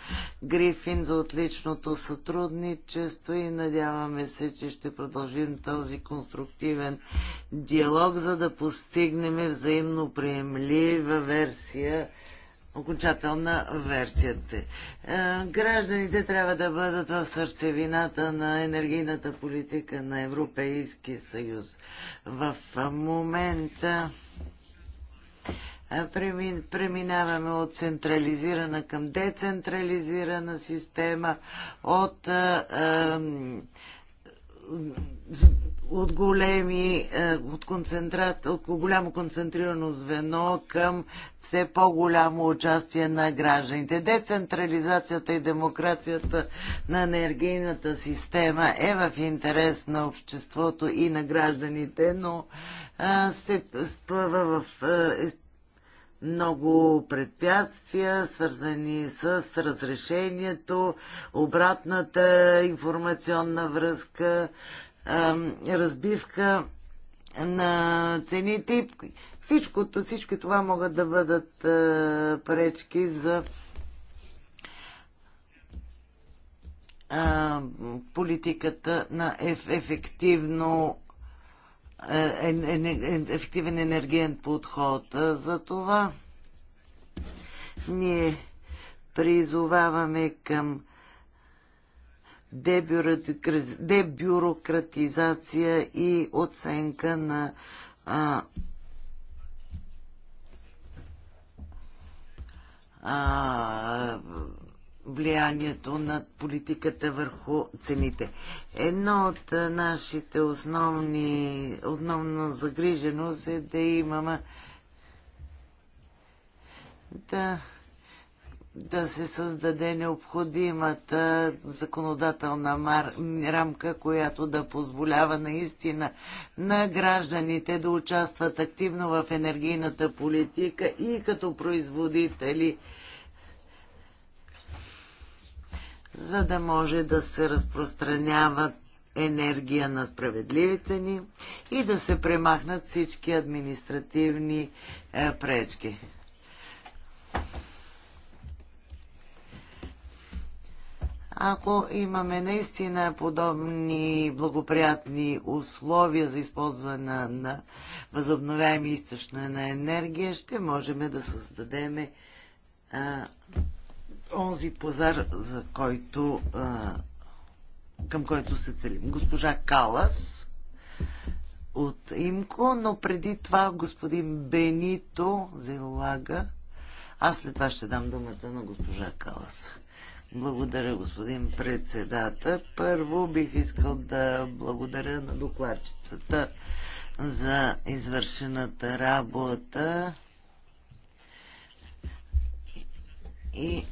Грифин за отличното сътрудничество и надяваме се, че ще продължим този конструктивен диалог, за да постигнем взаимно приемлива версия окончателна версията. Е, гражданите трябва да бъдат в сърцевината на енергийната политика на Европейски съюз. В момента е, преминаваме от централизирана към децентрализирана система, от е, от големи, е, от, концентрат, от голямо концентрирано звено към все по-голямо участие на гражданите. Децентрализацията и демокрацията на енергийната система е в интерес на обществото и на гражданите, но е, се спъва в е, много предпятствия, свързани с разрешението, обратната информационна връзка, разбивка на цените. Всичкото, всички това могат да бъдат пречки за политиката на ефективно е, е, е, ефективен енергиен подход. За това ние призоваваме към дебюрократизация и оценка на а, а, влиянието на политиката върху цените. Едно от нашите основни, основно загриженост е да имаме да, да се създаде необходимата законодателна мар, рамка, която да позволява наистина на гражданите да участват активно в енергийната политика и като производители за да може да се разпространяват енергия на справедливи цени и да се премахнат всички административни е, пречки. Ако имаме наистина подобни благоприятни условия за използване на възобновяеми източна на енергия, ще можем да създадем а, е, онзи пазар, за който, а, към който се целим. Госпожа Калас от Имко, но преди това господин Бенито Зелага. Аз след това ще дам думата на госпожа Калас. Благодаря, господин председател. Първо бих искал да благодаря на докладчицата за извършената работа И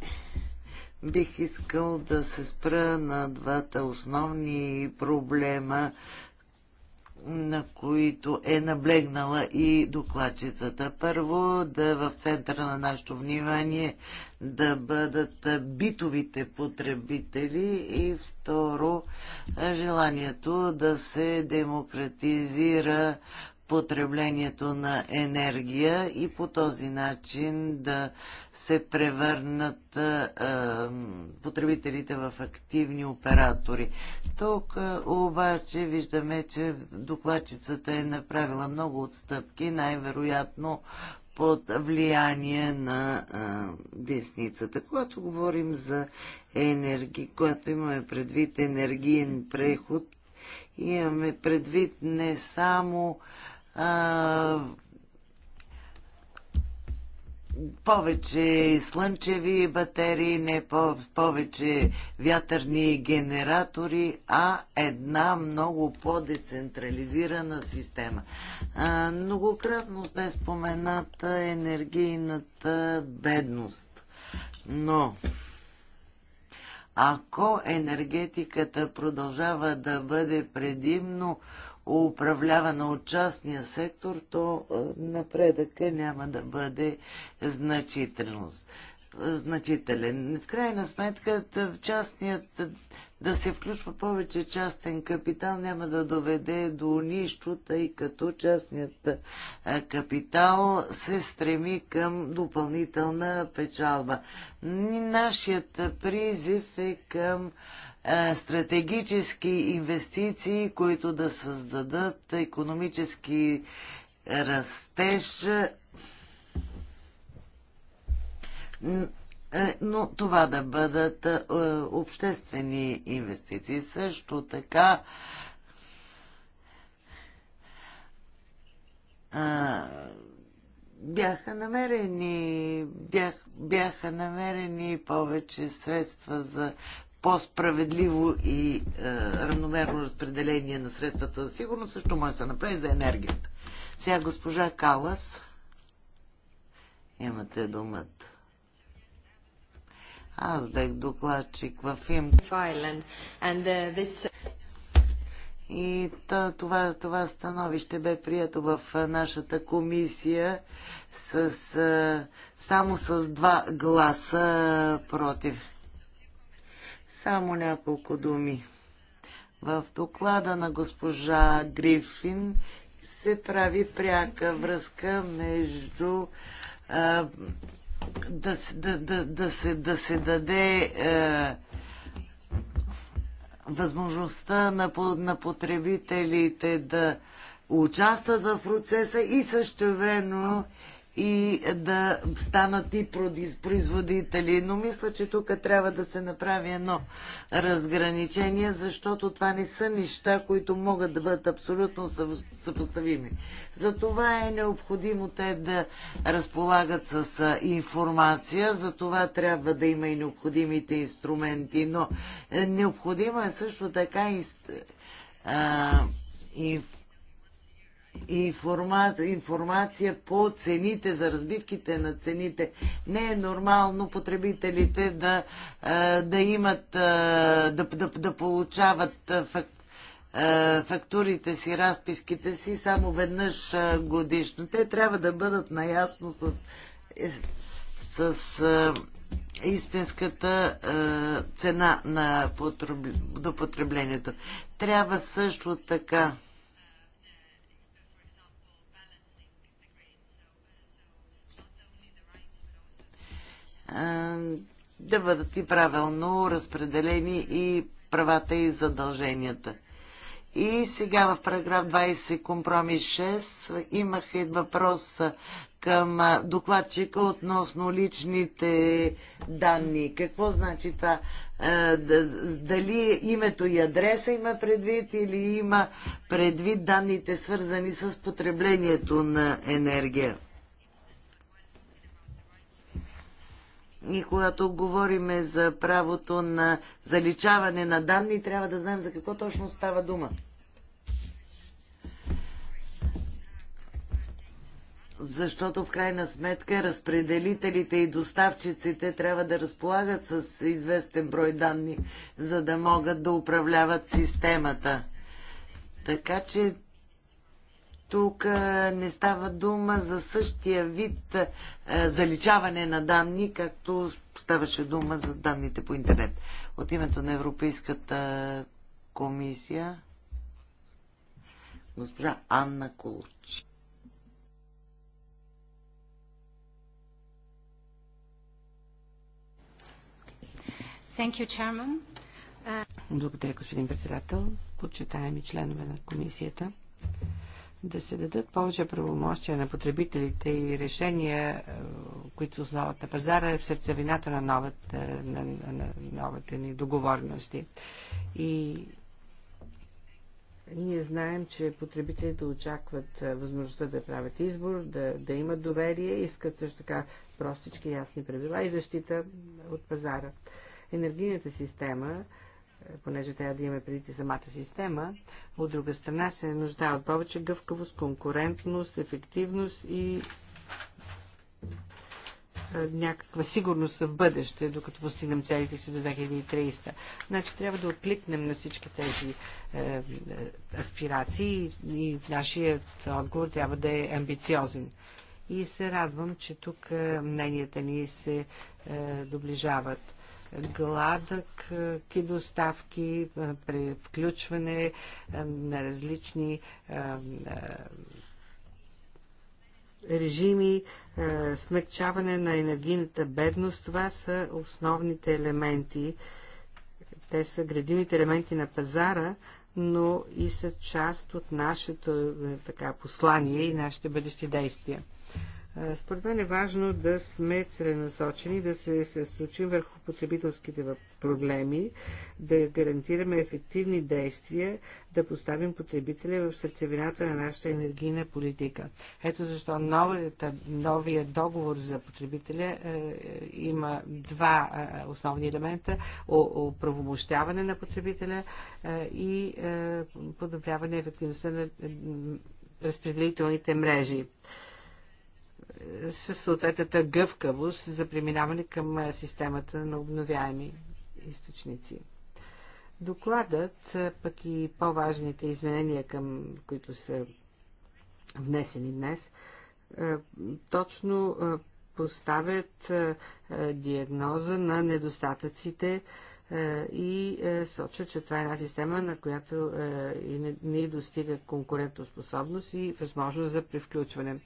бих искал да се спра на двата основни проблема, на които е наблегнала и докладчицата. Първо, да е в центъра на нашето внимание да бъдат битовите потребители и второ, желанието да се демократизира потреблението на енергия и по този начин да се превърнат а, потребителите в активни оператори. Тук обаче виждаме, че докладчицата е направила много отстъпки, най-вероятно под влияние на а, десницата. Когато говорим за енергия, когато имаме предвид енергиен преход, имаме предвид не само а, а, повече слънчеви батерии, не по, повече вятърни генератори, а една много по-децентрализирана система. А, многократно сме спомената енергийната бедност. Но ако енергетиката продължава да бъде предимно управлявана от частния сектор, то е, напредъка няма да бъде значителност е, значителен. В крайна сметка частният е, да се включва повече частен капитал няма да доведе до нищо, тъй като частният капитал се стреми към допълнителна печалба. Нашият призив е към стратегически инвестиции, които да създадат економически растеж. Е, но това да бъдат е, обществени инвестиции. Също така бяха намерени, бях, бяха намерени повече средства за по-справедливо и е, равномерно разпределение на средствата за сигурност също може да се направи за енергията. Сега госпожа Калас, имате думата. Аз бех докладчик в им. Е, и това, това становище бе прието в е, нашата комисия с, е, само с два гласа против. Само няколко думи. В доклада на госпожа Грифин се прави пряка връзка между а, да, да, да, да, се, да се даде а, възможността на, на потребителите да участват в процеса и също времено и да станат и производители. Но мисля, че тук трябва да се направи едно разграничение, защото това не са неща, които могат да бъдат абсолютно съпоставими. Затова е необходимо те да разполагат с информация, за това трябва да има и необходимите инструменти, но е, необходимо е също така и а, информация, информация по цените, за разбивките на цените. Не е нормално потребителите да, да имат, да, да, да получават фактурите си, разписките си само веднъж годишно. Те трябва да бъдат наясно с, е, с истинската цена на потреблението. Трябва също така да бъдат и правилно разпределени и правата и задълженията. И сега в параграф 20 компромис 6 имах и въпрос към докладчика относно личните данни. Какво значи това? Дали името и адреса има предвид или има предвид данните свързани с потреблението на енергия? И когато говорим за правото на заличаване на данни, трябва да знаем за какво точно става дума. Защото в крайна сметка разпределителите и доставчиците трябва да разполагат с известен брой данни, за да могат да управляват системата. Така че тук не става дума за същия вид заличаване на данни, както ставаше дума за данните по интернет. От името на Европейската комисия госпожа Анна Колучи. You, Благодаря, господин председател. Почитаеми членове на комисията да се дадат повече правомощия на потребителите и решения, е, които се основат на пазара, е в сърцевината на, новата, на, на, на новите ни договорности. И ние знаем, че потребителите очакват е, възможността да правят избор, да, да имат доверие, искат също така простички ясни правила и защита от пазара. Енергийната система е, понеже трябва да имаме преди самата система. От друга страна се нуждае от повече гъвкавост, конкурентност, ефективност и е, някаква сигурност в бъдеще, докато постигнем целите си до 2300. Значи трябва да откликнем на всички тези е, е, аспирации и нашият отговор трябва да е амбициозен. И се радвам, че тук мненията ни се е, доближават гладък ти доставки, включване на различни режими, смягчаване на енергийната бедност. Това са основните елементи. Те са градивните елементи на пазара, но и са част от нашето е, така, послание и нашите бъдещи действия. Според мен е важно да сме целенасочени, да се състочим върху потребителските проблеми, да гарантираме ефективни действия, да поставим потребителя в сърцевината на нашата енергийна политика. Ето защо новията, новия договор за потребителя е, е има два е, е основни елемента оправомощяване на потребителя е, и е, подобряване ефективността на е, разпределителните мрежи със съответната гъвкавост за преминаване към системата на обновяеми източници. Докладът, пък и по-важните изменения, към които са внесени днес, точно поставят диагноза на недостатъците и сочат, че това е една система, на която не достига конкурентоспособност и възможност за превключване.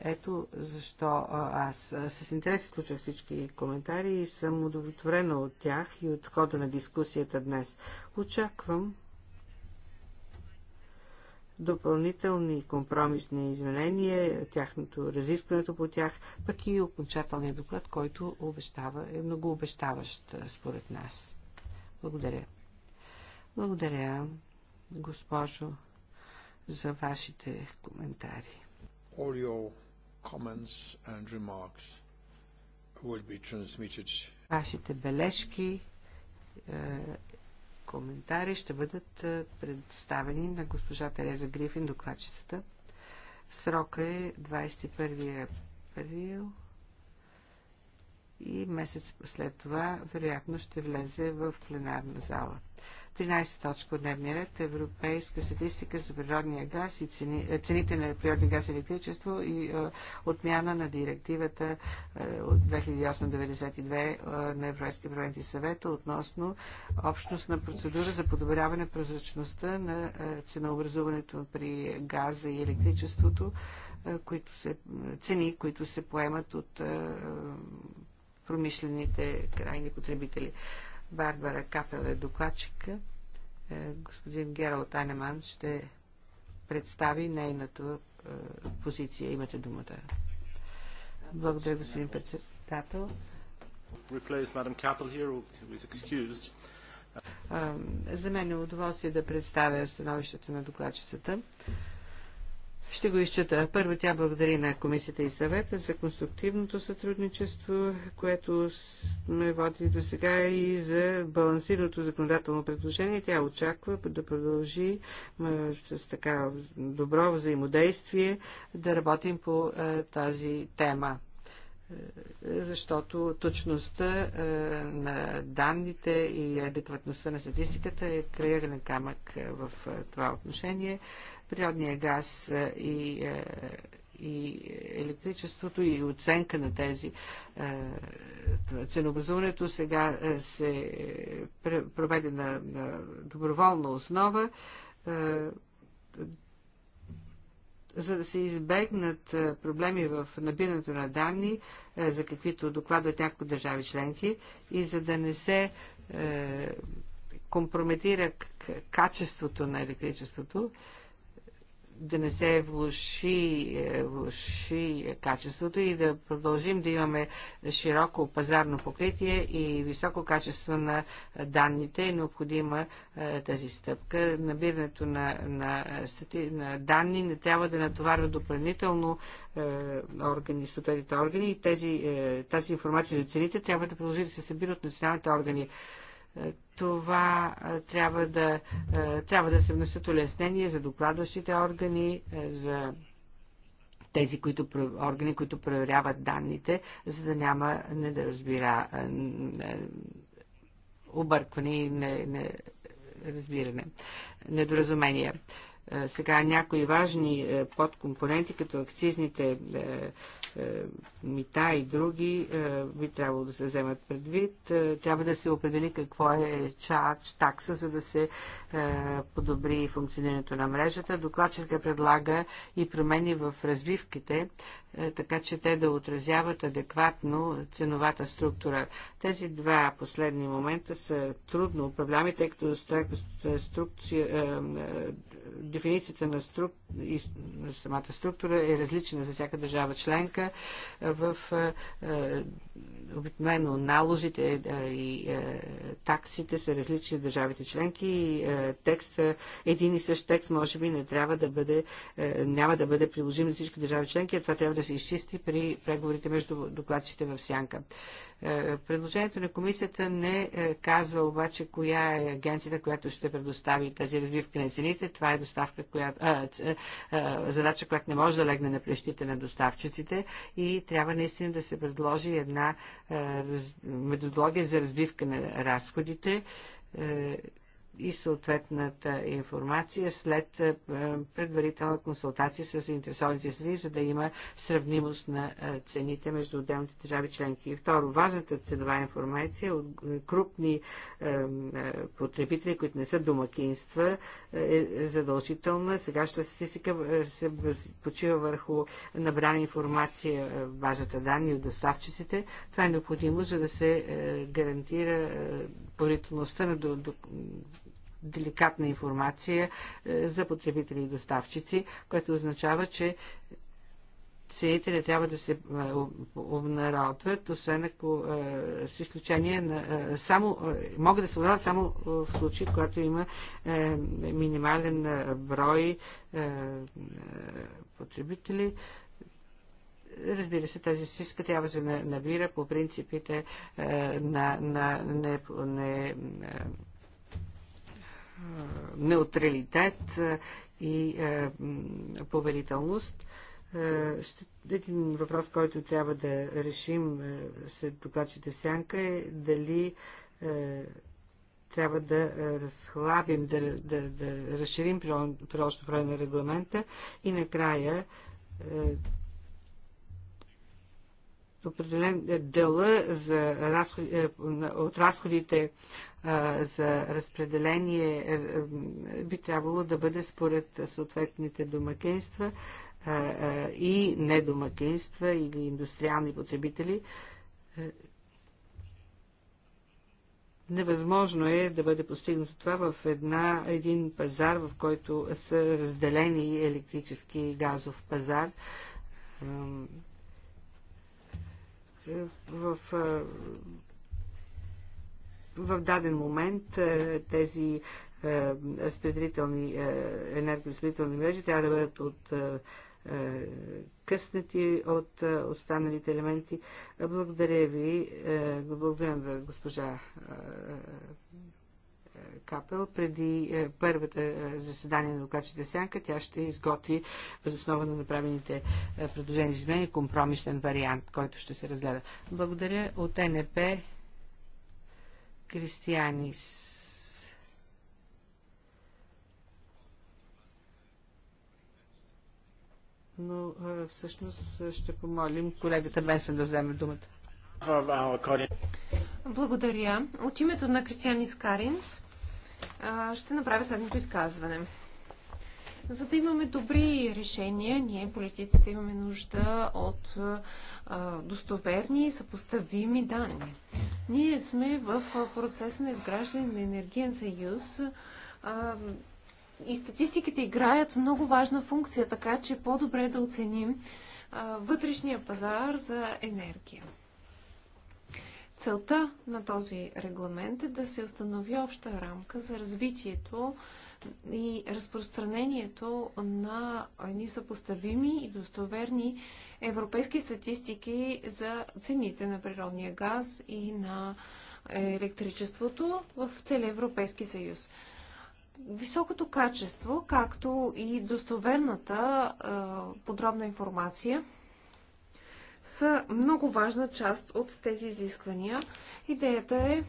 Ето защо аз с интерес изключвах всички коментари и съм удовлетворена от тях и от хода на дискусията днес. Очаквам допълнителни компромисни изменения, тяхното разискването по тях, пък и окончателния доклад, който обещава, е много обещаващ според нас. Благодаря. Благодаря, госпожо, за вашите коментари. All your comments and remarks will be transmitted. Вашите бележки, е, коментари ще бъдат е, представени на госпожа Тереза Грифин, докладчицата. Срока е 21 април и месец след това вероятно ще влезе в пленарна зала. 13 точка от дневния ред Европейска статистика за природния газ и цени, е, цените на природния газ и електричество и е, отмяна на директивата е, от 2008-92 е, на Европейския парламент и съвета относно общностна процедура за подобряване прозрачността на е, ценообразуването при газа и електричеството, е, които се, цени, които се поемат от е, промишлените крайни потребители. Барбара Капел е докладчика. Е, господин Гералт Анеман ще представи нейната е, позиция. Имате думата. Благодаря, господин председател. За мен е удоволствие да представя становището на докладчицата. Ще го изчета. Първо тя благодари на Комисията и съвета за конструктивното сътрудничество, което сме водили до сега и за балансираното законодателно предложение. Тя очаква да продължи с така добро взаимодействие да работим по е, тази тема защото точността е, на данните и адекватността на статистиката е краялен камък е, в е, това отношение. Природния газ и, и електричеството и оценка на тези ценообразуването сега се проведе на, на доброволна основа за да се избегнат проблеми в набирането на данни, за каквито докладват някои държави членки и за да не се компрометира качеството на електричеството да не се влуши, е, влуши качеството и да продължим да имаме широко пазарно покритие и високо качество на данните е необходима тази стъпка. Набирането на, на, стати, на данни не трябва да натоварва допълнително е, органи, съответните органи и е, тази информация за цените трябва да продължи да се събира от националните органи. Е, това е, трябва да, е, трябва да се внесат улеснения за докладващите органи, за тези които, органи, които проверяват данните, за да няма недоразбира, объркване и не, не, разбиране, недоразумения. Сега някои важни подкомпоненти, като акцизните е, мита и други е, би трябвало да се вземат предвид. Е, трябва да се определи какво е чач, такса, за да се подобри функционирането на мрежата. Докладчика предлага и промени в развивките е, така че те да отразяват адекватно ценовата структура. Тези два последни момента са трудно управляеми, тъй като е, е, дефиницията на, струк... и на самата структура е различна за всяка държава членка. В обикновено наложите е, и е, таксите са различни в държавите членки и е, текста, един и същ текст може би не трябва да бъде, няма да бъде приложим за всички държави членки, а това трябва да се изчисти при преговорите между докладчите в Сянка. Е, предложението на комисията не е, казва обаче коя е агенцията, която ще предостави тази разбивка на цените. Това е доставка, която, а, е, а, задача, която не може да легне на плещите на доставчиците и трябва наистина да се предложи една а, раз, методология за разбивка на разходите и съответната информация след е, предварителна консултация с заинтересованите страни, за да има сравнимост на е, цените между отделните държави членки. И второ, важната ценова информация от е, крупни потребители, които не са домакинства, е задължителна. Сегашната статистика се почива върху набрана информация в базата данни от доставчиците. Това е необходимо, за да се гарантира поритността на деликатна информация е, за потребители и доставчици, което означава, че цените не трябва да се е, обнародват, освен ако е, с изключение на... Само, могат да се обнародват само в случай, когато има минимален брой потребители. Разбира се, тази сиска трябва да се набира по принципите на, на, на, на, на неутралитет и поверителност. Един въпрос, който трябва да решим след докладчите в сянка е дали трябва да разхлабим, да, да, да разширим приложното праве на регламента и накрая определен дела за разходи, е, от разходите е, за разпределение е, би трябвало да бъде според съответните домакинства и недомакинства или индустриални потребители. Невъзможно е да бъде постигнато това в една, един пазар, в който са разделени електрически и газов пазар в, в даден момент тези разпределителни, енергоразпределителни мрежи трябва да бъдат от къснати от останалите елементи. Благодаря ви. Благодаря на госпожа Капел преди е, първата е, заседание на докладчите Сянка. Тя ще изготви възоснова на направените е, предложения за изменение компромисен вариант, който ще се разгледа. Благодаря от НП Кристианис. но всъщност ще помолим колегата Бенсен да вземе думата. Благодаря. От името на Кристиан Искаринс ще направя следното изказване. За да имаме добри решения, ние политиците имаме нужда от достоверни и съпоставими данни. Ние сме в процес на изграждане на енергиен съюз и статистиките играят много важна функция, така че по-добре да оценим вътрешния пазар за енергия. Целта на този регламент е да се установи обща рамка за развитието и разпространението на едни съпоставими и достоверни европейски статистики за цените на природния газ и на електричеството в целия Европейски съюз. Високото качество, както и достоверната подробна информация – са много важна част от тези изисквания. Идеята е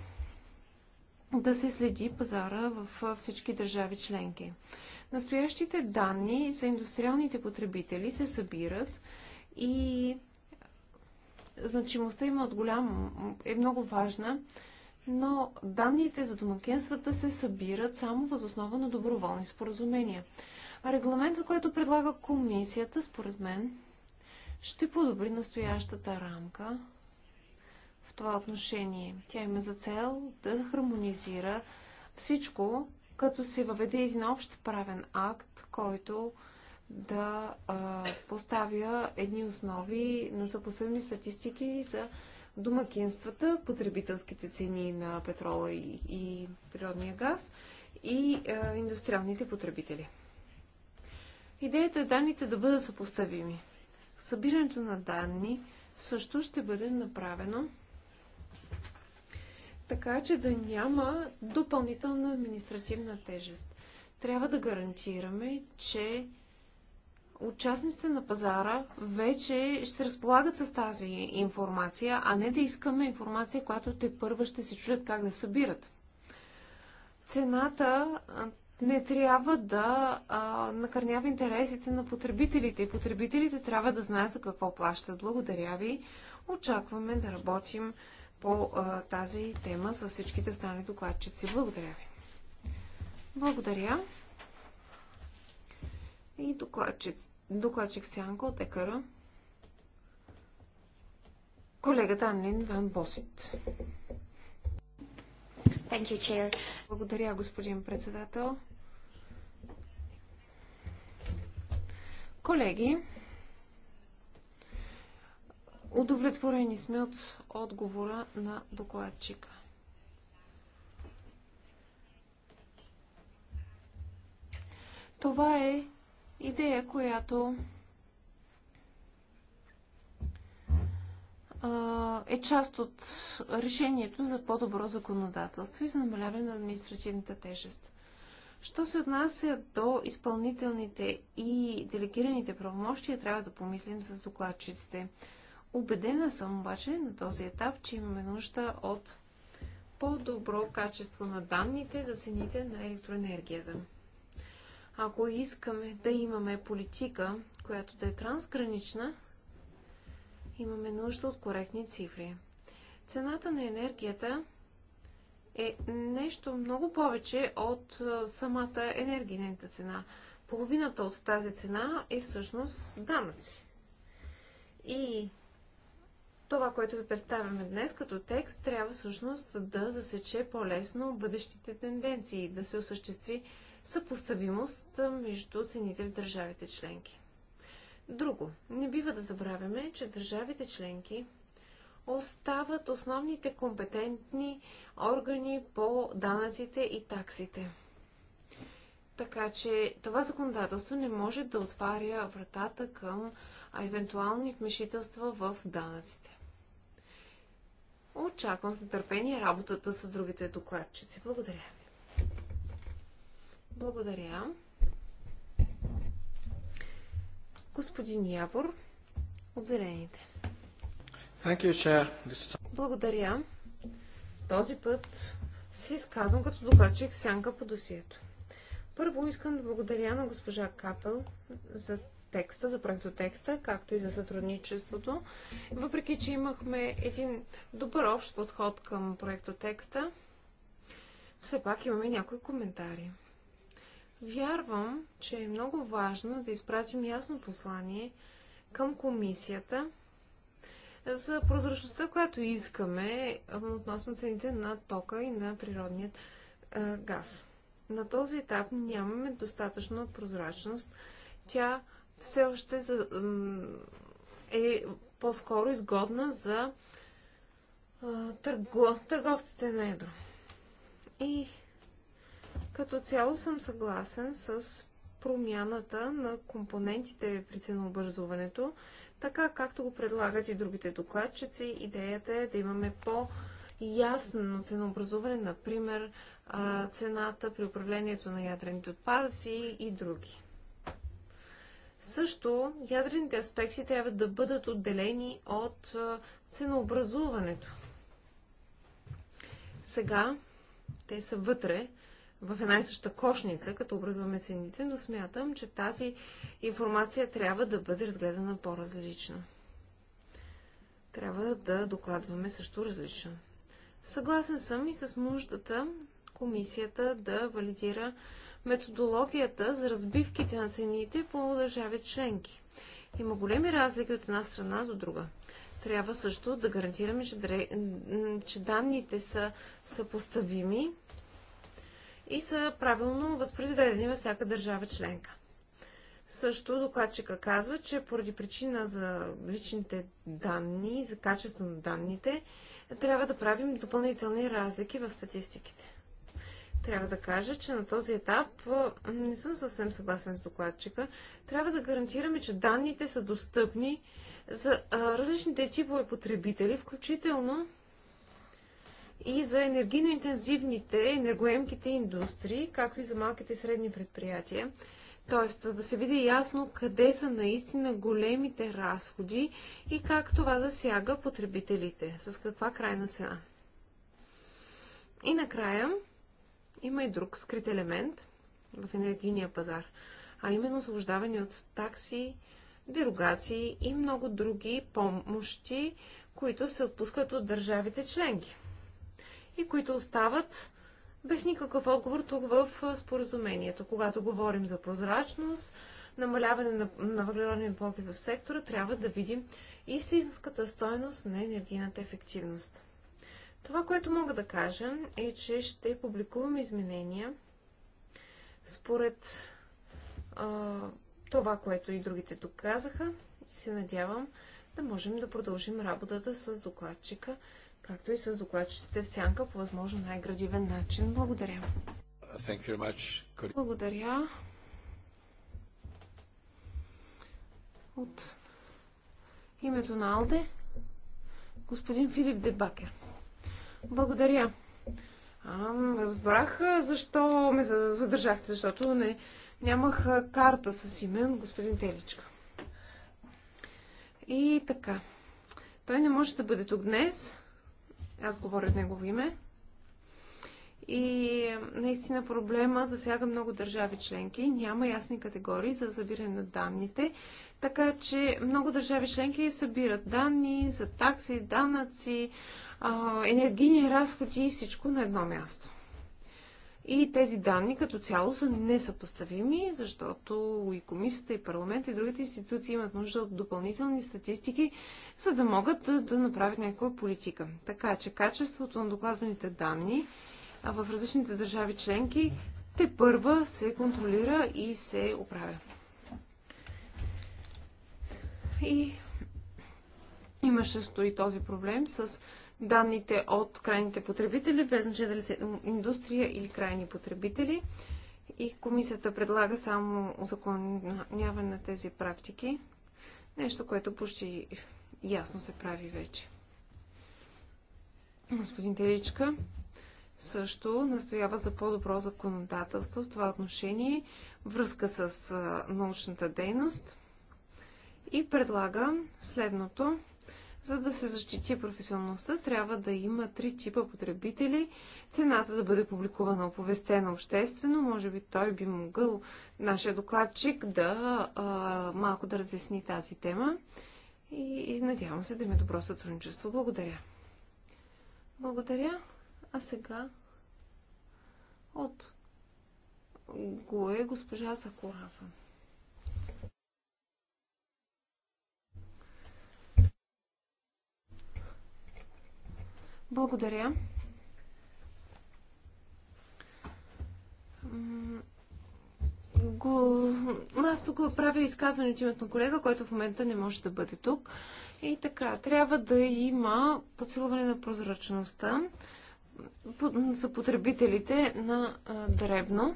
да се следи пазара в всички държави членки. Настоящите данни за индустриалните потребители се събират и значимостта им е от голям е много важна, но данните за домакинствата се събират само възоснова на доброволни споразумения. регламентът, който предлага комисията, според мен, ще подобри настоящата рамка в това отношение. Тя има за цел да хармонизира всичко, като се въведе един общ правен акт, който да а, поставя едни основи на съпоставими статистики за домакинствата, потребителските цени на петрола и, и природния газ и а, индустриалните потребители. Идеята е данните да бъдат съпоставими. Събирането на данни също ще бъде направено така, че да няма допълнителна административна тежест. Трябва да гарантираме, че участниците на пазара вече ще разполагат с тази информация, а не да искаме информация, която те първа ще се чудят как да събират. Цената не трябва да а, накърнява интересите на потребителите. И потребителите трябва да знаят за какво плащат. Благодаря ви. Очакваме да работим по а, тази тема с всичките останали докладчици. Благодаря ви. Благодаря. И докладчик, докладчик Сянко от Екара. Колегата Анлин Ван Босит. You, Благодаря, господин председател. Колеги, удовлетворени сме от отговора на докладчика. Това е идея, която е част от решението за по-добро законодателство и за намаляване на административната тежест. Що се отнася до изпълнителните и делегираните правомощия, трябва да помислим с докладчиците. Обедена съм обаче на този етап, че имаме нужда от по-добро качество на данните за цените на електроенергията. Ако искаме да имаме политика, която да е трансгранична, имаме нужда от коректни цифри. Цената на енергията е нещо много повече от самата енергийната цена. Половината от тази цена е всъщност данъци. И това, което ви представяме днес като текст, трябва всъщност да засече по-лесно бъдещите тенденции, да се осъществи съпоставимост между цените в държавите членки. Друго, не бива да забравяме, че държавите членки остават основните компетентни органи по данъците и таксите. Така че това законодателство не може да отваря вратата към евентуални вмешителства в данъците. Очаквам с нетърпение работата с другите докладчици. Благодаря. Благодаря. Господин Явор от Зелените. You, Благодаря. Този път се изказвам като докладчик сянка по досието. Първо искам да благодаря на госпожа Капел за текста, за проектотекста, както и за сътрудничеството. Въпреки, че имахме един добър общ подход към проектотекста, все пак имаме някои коментари. Вярвам, че е много важно да изпратим ясно послание към комисията за прозрачността, която искаме относно цените на тока и на природният газ. На този етап нямаме достатъчно прозрачност. Тя все още за, е по-скоро изгодна за търго, търговците на едро. И като цяло съм съгласен с промяната на компонентите при ценообразуването, така както го предлагат и другите докладчици. Идеята е да имаме по-ясно ценообразуване, например цената при управлението на ядрените отпадъци и други. Също ядрените аспекти трябва да бъдат отделени от ценообразуването. Сега те са вътре в една и съща кошница, като образуваме цените, но смятам, че тази информация трябва да бъде разгледана по-различно. Трябва да докладваме също различно. Съгласен съм и с нуждата комисията да валидира методологията за разбивките на цените по държави членки. Има големи разлики от една страна до друга. Трябва също да гарантираме, че, че данните са съпоставими и са правилно възпроизведени във всяка държава членка. Също докладчика казва, че поради причина за личните данни, за качество на данните, трябва да правим допълнителни разлики в статистиките. Трябва да кажа, че на този етап не съм съвсем съгласен с докладчика. Трябва да гарантираме, че данните са достъпни за различните типове потребители, включително и за енергийно интензивните, енергоемките индустрии, както и за малките и средни предприятия. Тоест, за да се види ясно къде са наистина големите разходи и как това засяга потребителите, с каква крайна цена. И накрая има и друг скрит елемент в енергийния пазар, а именно освобождаване от такси, дерогации и много други помощи, които се отпускат от държавите членки и които остават без никакъв отговор тук в споразумението. Когато говорим за прозрачност, намаляване на, на въглеродния блоки в сектора, трябва да видим истинската стойност на енергийната ефективност. Това, което мога да кажа, е, че ще публикувам изменения според а, това, което и другите доказаха. И се надявам да можем да продължим работата с докладчика както и с докладчиците в сянка по възможно най-градивен начин. Благодаря. Благодаря. От името на Алде, господин Филип Дебакер. Благодаря. А, разбрах защо ме задържахте, защото не, нямах карта с име господин Теличка. И така. Той не може да бъде тук днес, аз говоря в негово име. И наистина проблема засяга много държави членки. Няма ясни категории за забиране на данните. Така че много държави членки събират данни за такси, данъци, енергийни разходи и всичко на едно място. И тези данни като цяло са несъпоставими, защото и комисията, и парламента, и другите институции имат нужда от допълнителни статистики, за да могат да, да направят някаква политика. Така че качеството на докладваните данни в различните държави членки те първа се контролира и се оправя. И имаше стои този проблем с данните от крайните потребители, без значение дали са индустрия или крайни потребители. И комисията предлага само законяване на тези практики. Нещо, което почти ясно се прави вече. Господин Теличка също настоява за по-добро законодателство в това отношение, връзка с научната дейност и предлага следното за да се защити професионалността, трябва да има три типа потребители. Цената да бъде публикувана, оповестена обществено. Може би той би могъл, нашия докладчик, да а, малко да разясни тази тема. И, и надявам се да има добро сътрудничество. Благодаря. Благодаря. А сега от го е госпожа Сакурафа. Благодаря. Го... Аз тук правя изказване от името на колега, който в момента не може да бъде тук. И така, трябва да има подсилване на прозрачността за потребителите на дребно.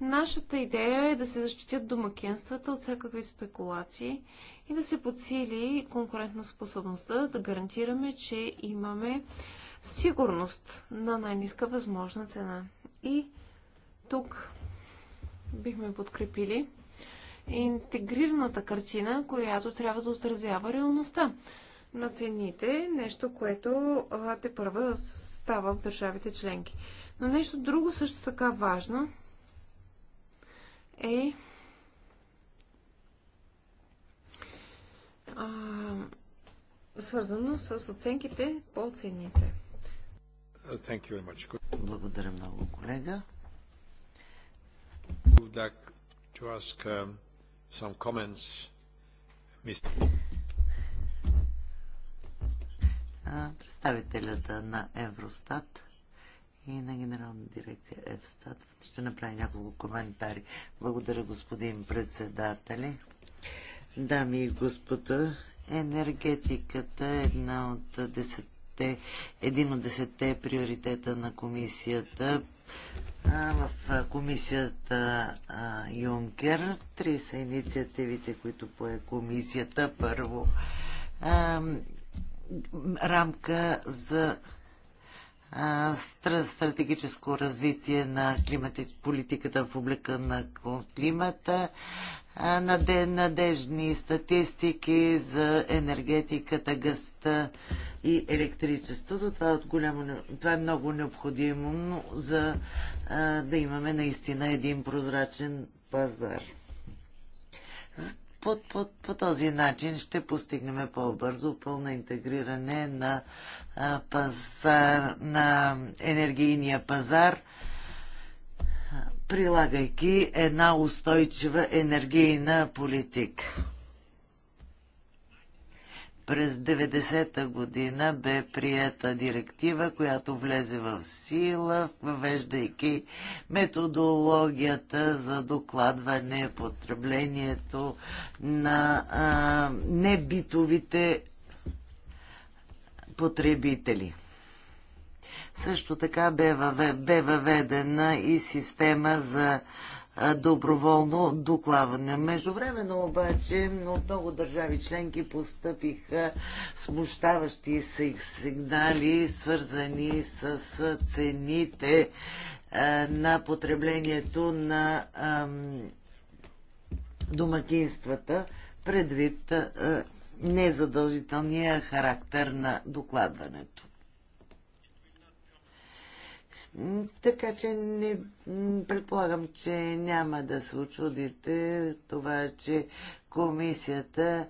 Нашата идея е да се защитят домакинствата от всякакви спекулации и да се подсили способността да гарантираме, че имаме сигурност на най ниска възможна цена. И тук бихме подкрепили интегрираната картина, която трябва да отразява реалността на цените, нещо, което те първа става в държавите членки. Но нещо друго също така важно е а, свързано с оценките по цените. Благодаря много, колега. Um, Представителята на Евростат и на Генерална дирекция Евстат ще направи няколко коментари. Благодаря, господин председатели. Дами и господа, енергетиката е една от десетте, един от десетте приоритета на комисията. В комисията Юнкер три са инициативите, които пое комисията. Първо, рамка за стратегическо развитие на климати, политиката в облика на климата, на надежни статистики за енергетиката, гъста и електричеството. Това е, от голямо, това е много необходимо за да имаме наистина един прозрачен пазар. По, по, по този начин ще постигнем по-бързо пълна интегриране на, пазар, на енергийния пазар прилагайки една устойчива енергийна политика. През 90-та година бе приета директива, която влезе в сила, въвеждайки методологията за докладване потреблението на а, небитовите потребители. Също така бе въведена и система за доброволно доклаване. Междувременно обаче от много държави членки постъпиха смущаващи се сигнали, свързани с цените на потреблението на домакинствата предвид незадължителния характер на докладването. Така че не предполагам, че няма да се очудите това, че комисията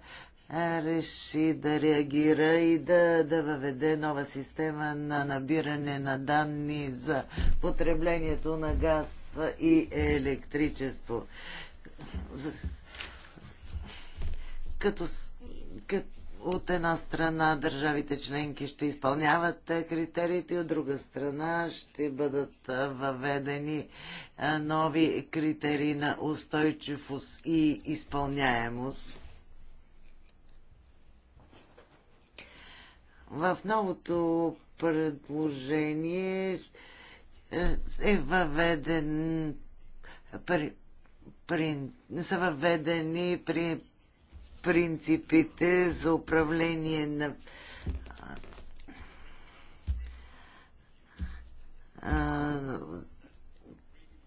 реши да реагира и да, да въведе нова система на набиране на данни за потреблението на газ и електричество. Като, като от една страна държавите членки ще изпълняват е, критериите, от друга страна ще бъдат е, въведени е, нови критерии на устойчивост и изпълняемост. В новото предложение е въведен при, при, са въведени при принципите за управление на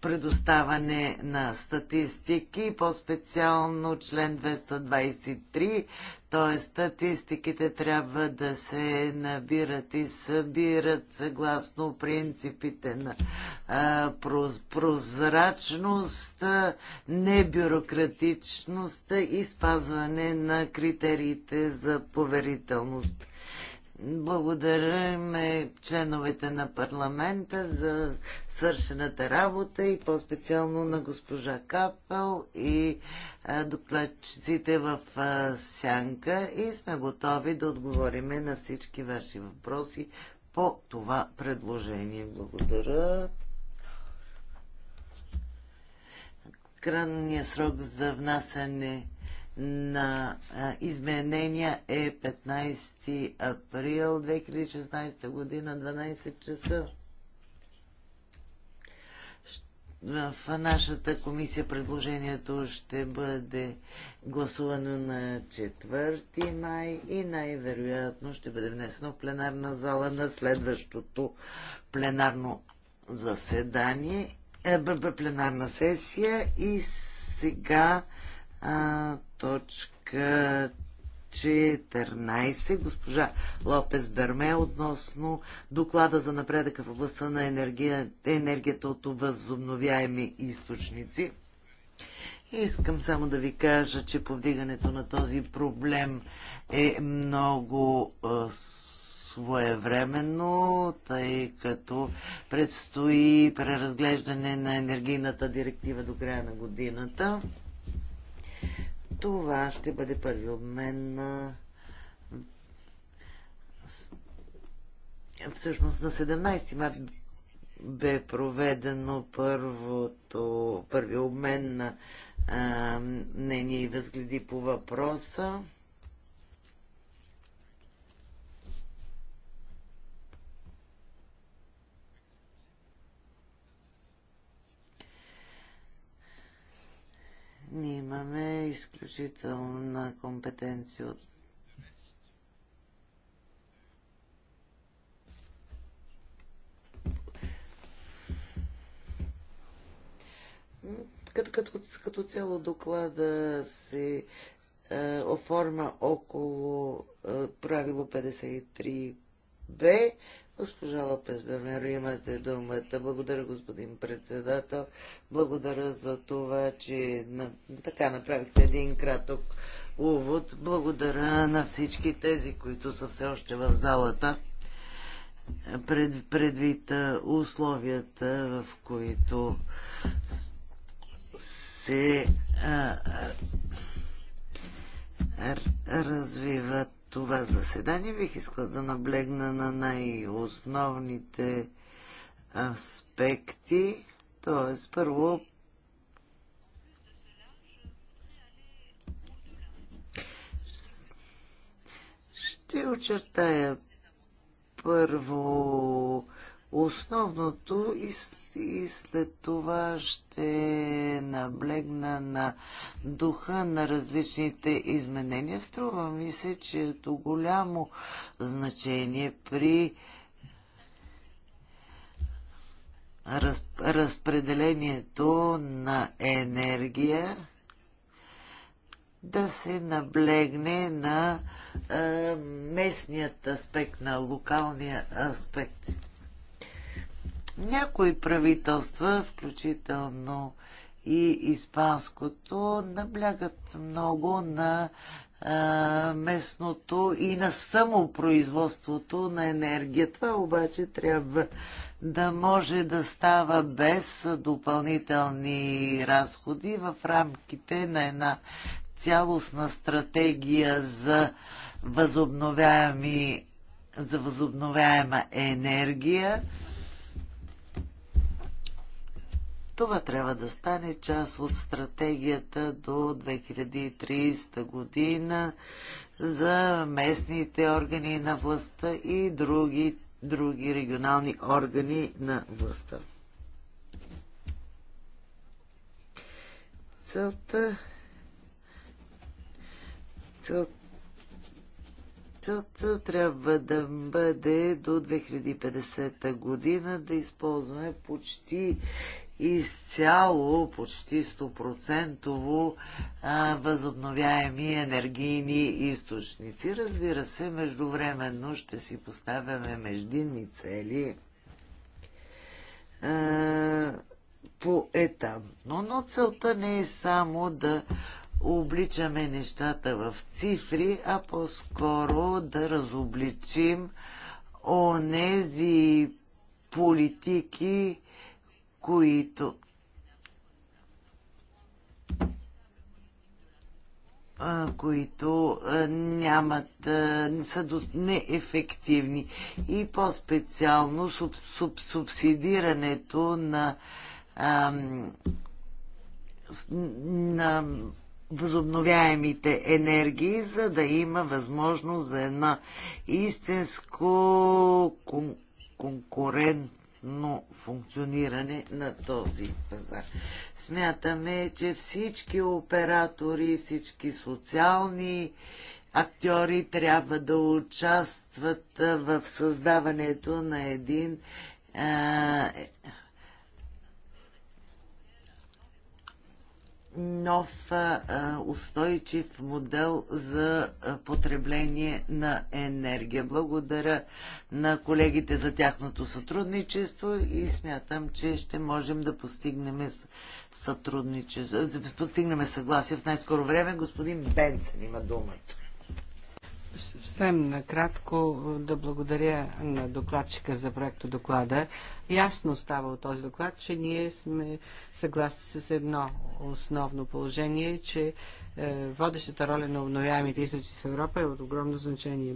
предоставане на статистики, по-специално член 223, т.е. статистиките трябва да се набират и събират съгласно принципите на а, проз, прозрачност, небюрократичност и спазване на критериите за поверителност. Благодарим членовете на парламента за свършената работа и по-специално на госпожа Капел и докладчиците в Сянка и сме готови да отговориме на всички ваши въпроси по това предложение. Благодаря. Крайният срок за внасяне на изменения е 15 април 2016 година, 12 часа. В нашата комисия предложението ще бъде гласувано на 4 май и най-вероятно ще бъде внесено в пленарна зала на следващото пленарно заседание, е, пленарна сесия и сега а, точка 14. Госпожа Лопес Берме относно доклада за напредъка в областта на енергия, енергията от възобновяеми източници. Искам само да ви кажа, че повдигането на този проблем е много своевременно, тъй като предстои преразглеждане на енергийната директива до края на годината. Това ще бъде първи обмен на всъщност на 17 март бе проведено първото, първи обмен на а, мнение и възгледи по въпроса. Ние имаме изключителна компетенция от като, като, като цяло доклада се е, оформа около е, правило 53б, Госпожа Лопес Бемеро, имате думата. Благодаря, господин председател. Благодаря за това, че на... така направихте един краток увод. Благодаря на всички тези, които са все още в залата. Пред, предвид условията, в които се а, а, развиват това заседание. Бих искала да наблегна на най-основните аспекти. Тоест, първо, ще очертая първо основното и, и след това ще наблегна на духа на различните изменения. Струва ми се, че ето голямо значение при раз, разпределението на енергия да се наблегне на а, е, местният аспект, на локалния аспект. Някои правителства, включително и испанското, наблягат много на а, местното и на самопроизводството на енергия. Това обаче трябва да може да става без допълнителни разходи в рамките на една цялостна стратегия за възобновяеми за възобновяема енергия това трябва да стане част от стратегията до 2030 година за местните органи на властта и други, други регионални органи на властта. Целта Целта Целта трябва да бъде до 2050 година да използваме почти изцяло, почти 100% възобновяеми енергийни източници. Разбира се, междувременно ще си поставяме междинни цели а, по етап. Но, но целта не е само да обличаме нещата в цифри, а по-скоро да разобличим онези политики, които които нямат, са неефективни и по-специално суб, суб, субсидирането на, ам, на възобновяемите енергии, за да има възможност за една истинско кон, конкурент нормално функциониране на този пазар. Смятаме, че всички оператори, всички социални актьори трябва да участват в създаването на един а, нов устойчив модел за потребление на енергия. Благодаря на колегите за тяхното сътрудничество и смятам, че ще можем да постигнем сътрудничество, да постигнем съгласие в най-скоро време. Господин Бенсен има думата. Съвсем накратко да благодаря на докладчика за проекто доклада. Ясно става от този доклад, че ние сме съгласни с едно основно положение, че е, водещата роля на обновяемите източници в Европа е от огромно значение.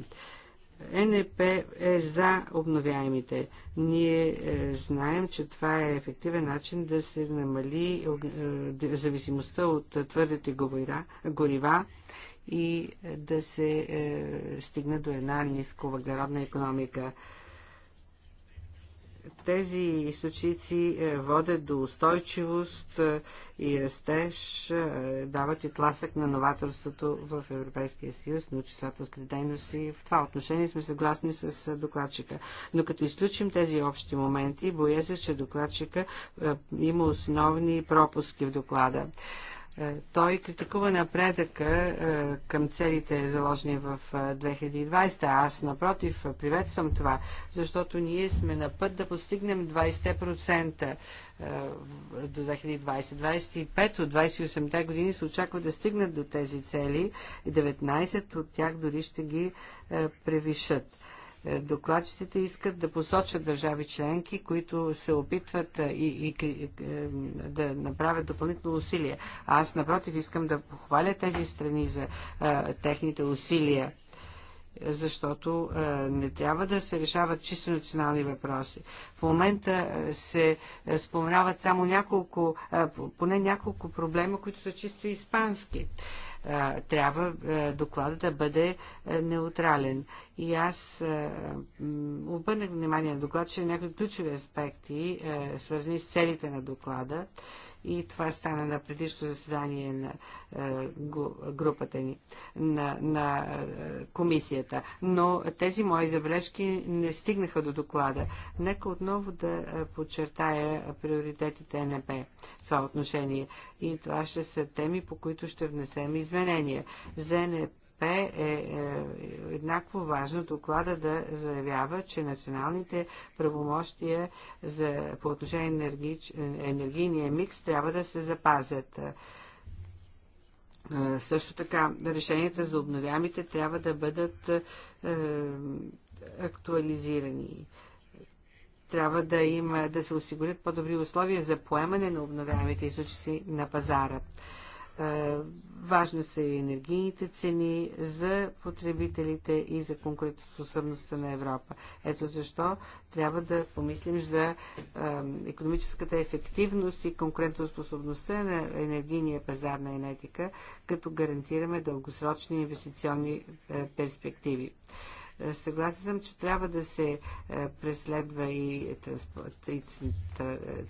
Е НП е за обновяемите. Ние е, знаем, че това е ефективен начин да се намали е, зависимостта от твърдите горива, горива и е, да се е, стигне до една ниско въглеродна економика. Тези източници е, водят до устойчивост е, и растеж, дават и тласък на новаторството в Европейския съюз, на числателска дейност и в това отношение сме съгласни с докладчика. Но като изключим тези общи моменти, боя се, че докладчика има основни пропуски в доклада. Е, той критикува напредъка е, към целите заложени в 2020. Е, Аз, напротив, приветствам това, защото ние сме на път да постигнем 20% до 2020. 25 от 28-те години се очаква да стигнат до тези цели и 19 от тях дори ще ги превишат. Е, докладчиците искат да посочат държави членки, които се опитват е, и, и, е, да направят допълнително усилие. А аз, напротив, искам да похваля тези страни за а, техните усилия защото а, не трябва да се решават чисто национални въпроси. В момента се споменават само няколко, а, поне няколко проблема, които са чисто испански. А, трябва доклада да бъде неутрален. И аз обърнах внимание на доклад, че някои ключови аспекти, свързани с целите на доклада, и това стана на предишното заседание на е, групата ни, на, на е, комисията. Но тези мои забележки не стигнаха до доклада. Нека отново да е, подчертая приоритетите НП в това отношение. И това ще са теми, по които ще внесем изменения. За НП е, е еднакво важно доклада да заявява, че националните правомощия за, по отношение на енергийния микс трябва да се запазят. Също така, решенията за обновямите трябва да бъдат е, актуализирани трябва да има, да се осигурят по-добри условия за поемане на обновяемите източници на пазара. Важни са и енергийните цени за потребителите и за конкурентоспособността на Европа. Ето защо трябва да помислим за економическата ефективност и конкурентоспособността на енергийния пазар на енетика, като гарантираме дългосрочни инвестиционни перспективи. Съгласен съм, че трябва да се е, преследва и, и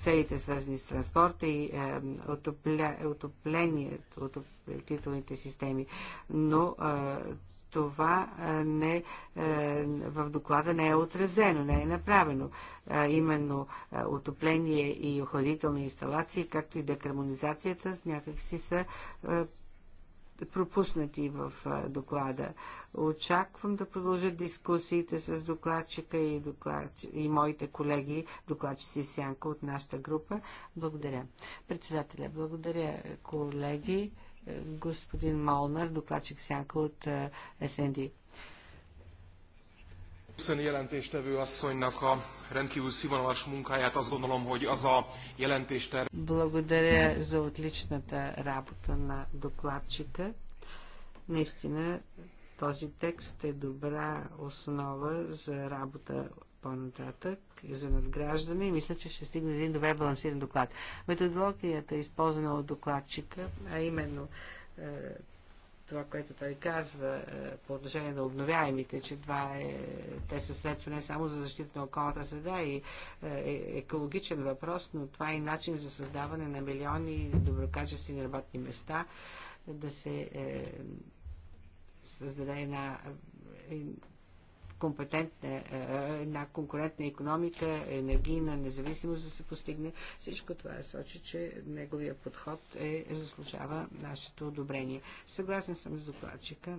целите свързани с транспорта и е, отоплението, отоплителните системи, но е, това не, в доклада не е отразено, не е направено. Именно отопление и охладителни инсталации, както и декармонизацията, някакси са пропуснати в доклада. Очаквам да продължат дискусиите с докладчика и, докладч... и моите колеги, докладчици Сянка от нашата група. Благодаря. Председателя, благодаря колеги. Господин Молнар, докладчик Сянка от СНД. Köszönöm jelentéstevő asszonynak a rendkívül munkáját. Azt gondolom, hogy az a jelentéster... Благодаря за отличната работа на докладчика. Наистина, този текст е добра основа за работа по-нататък, за надграждане и мисля, че ще стигне един добре балансиран доклад. Методологията е използвана от докладчика, а именно е, това, което той казва е, по отношение на обновяемите, че това е, те са средства не само за защита на околната среда и е, е, екологичен въпрос, но това е и начин за създаване на милиони доброкачествени работни места, да се създаде една компетентна, е, е, една конкурентна економика, енергийна независимост да се постигне. Всичко това е сочи, че неговия подход е, заслужава нашето одобрение. Съгласен съм с докладчика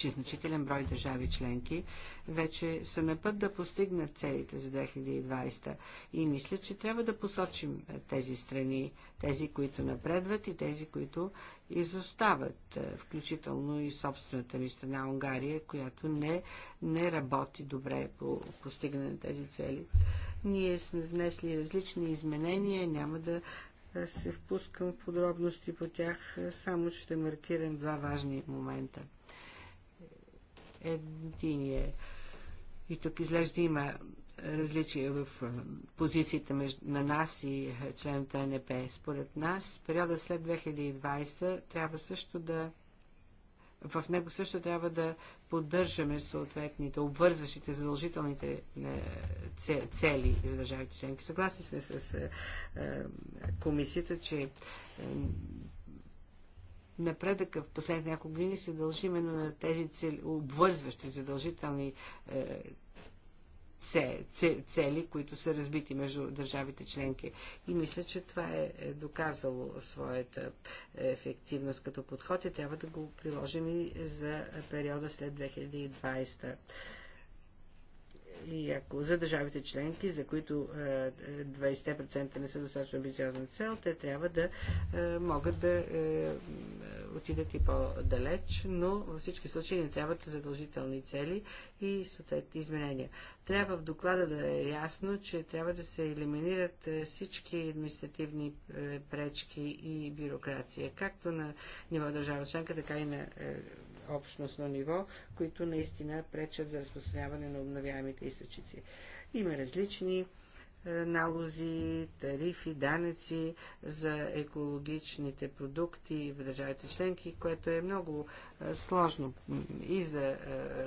че значителен брой държави членки вече са на път да постигнат целите за 2020. И мисля, че трябва да посочим е, тези страни, тези, които напредват и тези, които изостават, е, включително и собствената ми страна Унгария, която не, не работи добре по постигане на тези цели. Ние сме внесли различни изменения, няма да е, се впускам в подробности по тях, само ще маркирам два важни момента единия. И тук изглежда има различия в позициите между, на нас и членовете на НП. Според нас, периода след 2020 трябва също да в него също трябва да поддържаме съответните, обвързващите, задължителните е, цели за държавите членки. Съгласни сме с е, е, комисията, че Напредъка в последните няколко години се дължи именно на тези цели, обвързващи задължителни е, цели, които са разбити между държавите членки. И мисля, че това е, е доказало своята ефективност като подход и трябва да го приложим и за периода след 2020 и ако за държавите членки, за които 20% е, е, не са достатъчно амбициозна цел, те трябва да е, могат да отидат и по-далеч, но във всички случаи не трябват задължителни цели и съответни изменения. Трябва в доклада да е ясно, че трябва да се елиминират всички административни пречки и бюрокрация, както на ниво държава членка, така и на общностно ниво, които наистина пречат за разпространяване на обновяемите източници. Има различни е, налози, тарифи, данъци за екологичните продукти в държавите членки, което е много е, сложно и за е,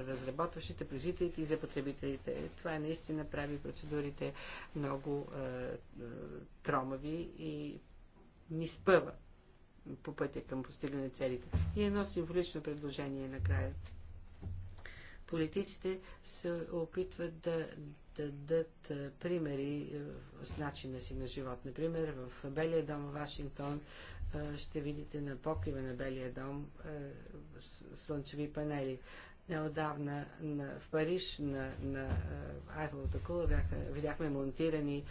разработващите, производителите и за потребителите. Това наистина прави процедурите много тромави и ни спъва по пътя към постигане целите. И едно символично предложение накрая. Политиците се опитват да дадат примери с начина си на живот. Например, в Белия дом в Вашингтон ще видите на покрива на Белия дом слънчеви панели. Неодавна в Париж на, на Айфелата кула бяха, видяхме монтирани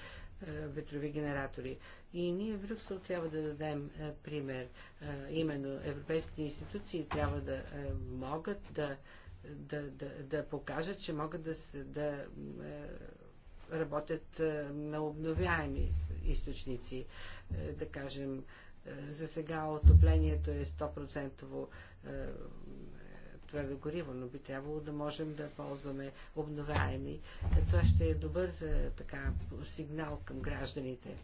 е, ветрови генератори. И ние в Рюксел трябва да дадем е, пример. Е, именно европейските институции трябва да могат да, да, да, да покажат, че могат да, да работят на обновяеми източници. Да кажем, за сега отоплението е 100% твърде гориво, но би трябвало да можем да ползваме обновяеми. Това ще е добър е, така, сигнал към гражданите.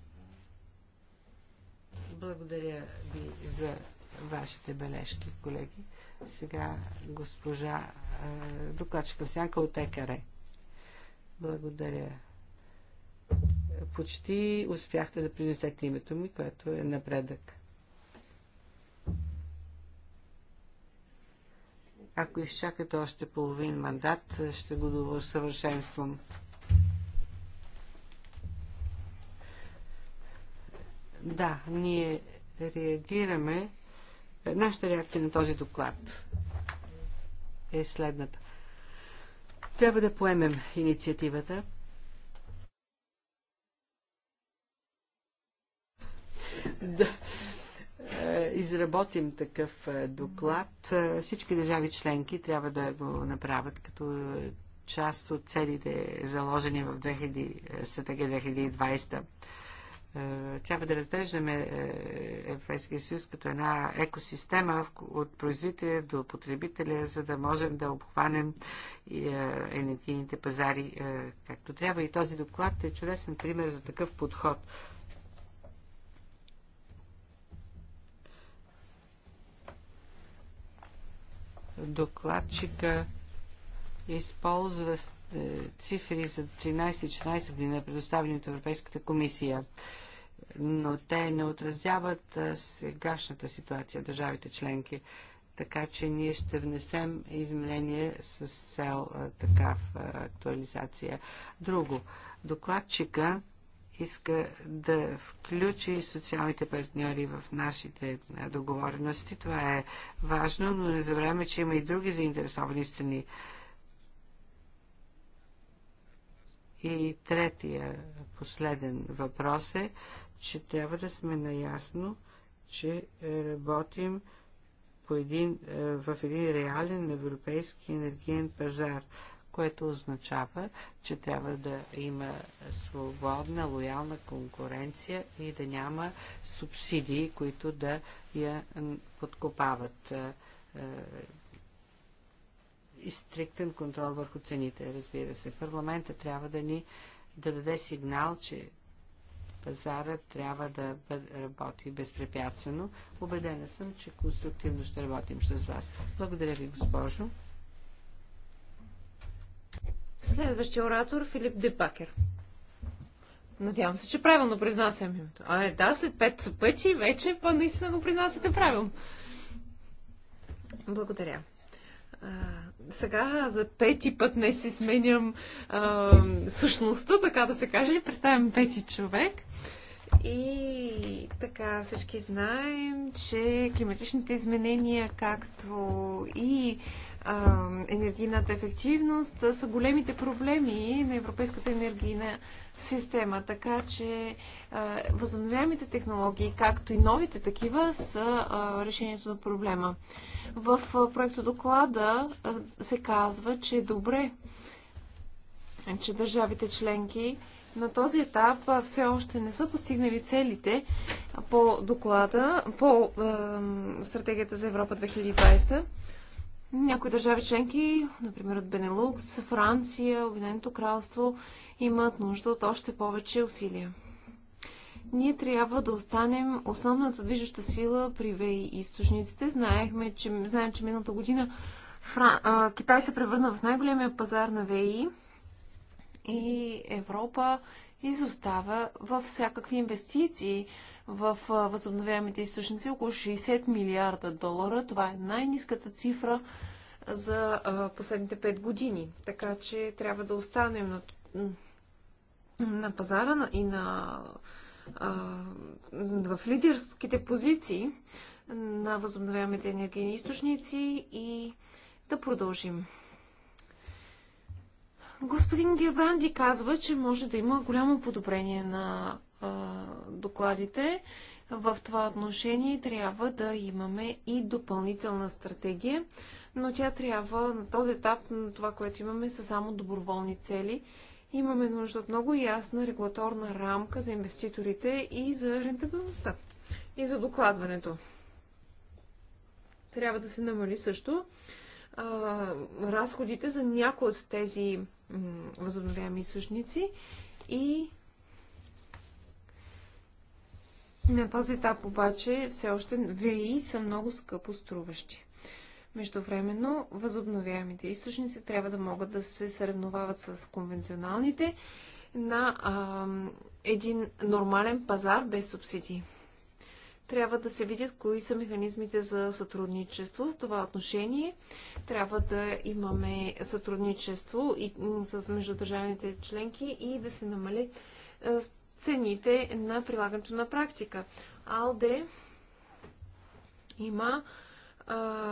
Благодаря ви за вашите бележки, колеги. Сега госпожа е, докладчика всяка от ЕКАРЕ. Благодаря. Почти успяхте да произнесете името ми, което е напредък. Ако изчакате още половин мандат, ще го досъвършенствам. Да, ние реагираме. Нашата реакция на този доклад е следната. Трябва да поемем инициативата. Да е, изработим такъв е, доклад. Е, всички държави членки трябва да го направят като част от целите заложени в 2000, стратегия 2020 трябва да разглеждаме Европейския съюз като една екосистема от производителя до потребителя, за да можем да обхванем енергийните пазари както трябва. И този доклад е чудесен пример за такъв подход. докладчика използва е, цифри за 13-14 години на предоставени от Европейската комисия, но те не отразяват е, сегашната ситуация държавите членки. Така че ние ще внесем изменение с цел е, такава актуализация. Друго, докладчика иска да включи социалните партньори в нашите договорености. Това е важно, но не забравяме, че има и други заинтересовани страни. И третия последен въпрос е, че трябва да сме наясно, че работим по един, в един реален европейски енергиен пазар – което означава, че трябва да има свободна, лоялна конкуренция и да няма субсидии, които да я подкопават. Е, е, и стриктен контрол върху цените, разбира се. Парламента трябва да ни да даде сигнал, че пазара трябва да работи безпрепятствено. Обедена съм, че конструктивно ще работим с вас. Благодаря ви, госпожо. Следващия оратор е Филип Депакер. Надявам се, че правилно произнасям името. А, е, да, след пет пъти вече па наистина го произнасяте правилно. Благодаря. А, сега за пети път не си сменям а, същността, така да се каже. Представям пети човек. И така всички знаем, че климатичните изменения, както и енергийната ефективност са големите проблеми на европейската енергийна система. Така че възобновяемите технологии, както и новите такива, са решението на проблема. В проекта доклада се казва, че е добре, че държавите членки на този етап все още не са постигнали целите по доклада, по стратегията за Европа 2020. Някои държави членки, например от Бенелукс, Франция, Обединеното кралство, имат нужда от още повече усилия. Ние трябва да останем основната движеща сила при ВЕИ източниците. Знаехме, че, знаем, че миналата година Фран... а, Китай се превърна в най-големия пазар на ВЕИ и Европа изостава във всякакви инвестиции в възобновяемите източници около 60 милиарда долара. Това е най-низката цифра за последните 5 години. Така че трябва да останем на, на пазара и на, в лидерските позиции на възобновяемите енергийни източници и да продължим. Господин Гебранди казва, че може да има голямо подобрение на докладите. В това отношение трябва да имаме и допълнителна стратегия, но тя трябва на този етап, на това, което имаме, са само доброволни цели. Имаме нужда от много ясна регулаторна рамка за инвеститорите и за рентабилността и за докладването. Трябва да се намали също а, разходите за някои от тези възобновяеми източници и На този етап обаче все още ВИ са много скъпо струващи. Междувременно възобновяемите източници трябва да могат да се съревновават с конвенционалните на а, един нормален пазар без субсидии. Трябва да се видят кои са механизмите за сътрудничество. В това отношение трябва да имаме сътрудничество и, с междудържавните членки и да се намали цените на прилагането на практика. АЛДЕ има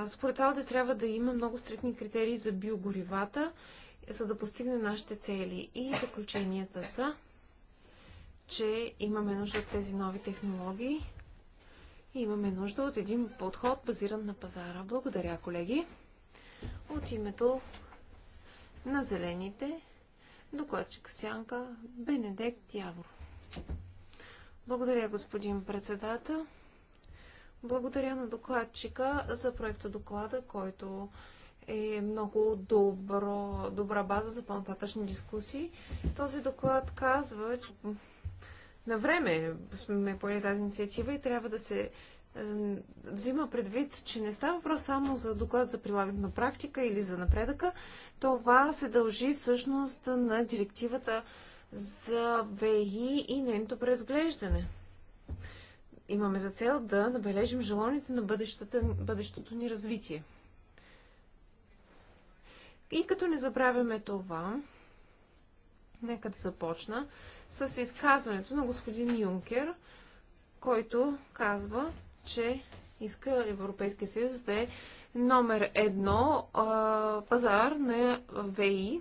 според Алде трябва да има много стрикни критерии за биогоривата, за да постигне нашите цели. И заключенията са, че имаме нужда от тези нови технологии и имаме нужда от един подход, базиран на пазара. Благодаря, колеги. От името на зелените, докладчик Сянка, Бенедект Явор. Благодаря, господин председател. Благодаря на докладчика за проекта доклада, който е много добро, добра база за по-нататъчни дискусии. Този доклад казва, че на време сме поели тази инициатива и трябва да се е, взима предвид, че не става въпрос само за доклад за прилагане на практика или за напредъка. Това се дължи всъщност на директивата за ВИ и нейното преразглеждане. Имаме за цел да набележим желаните на бъдещата, бъдещото ни развитие. И като не забравяме това, нека да започна с изказването на господин Юнкер, който казва, че иска Европейския съюз да е номер едно а, пазар на ВИ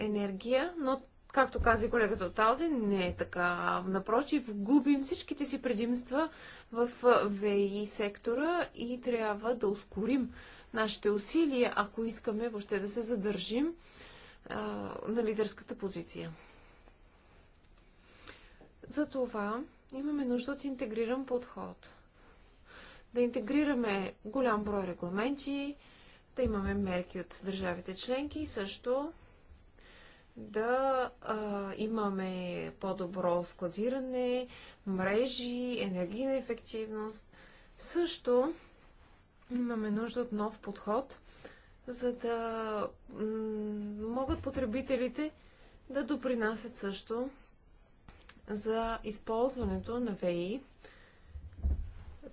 енергия, но както каза колегата от Алде, не е така. Напротив, губим всичките си предимства в ВИ сектора и трябва да ускорим нашите усилия, ако искаме въобще да се задържим а, на лидерската позиция. Затова имаме нужда от интегриран подход. Да интегрираме голям брой регламенти, да имаме мерки от държавите членки и също да а, имаме по-добро складиране, мрежи, енергийна ефективност. Също имаме нужда от нов подход, за да могат потребителите да допринасят също за използването на ВИ,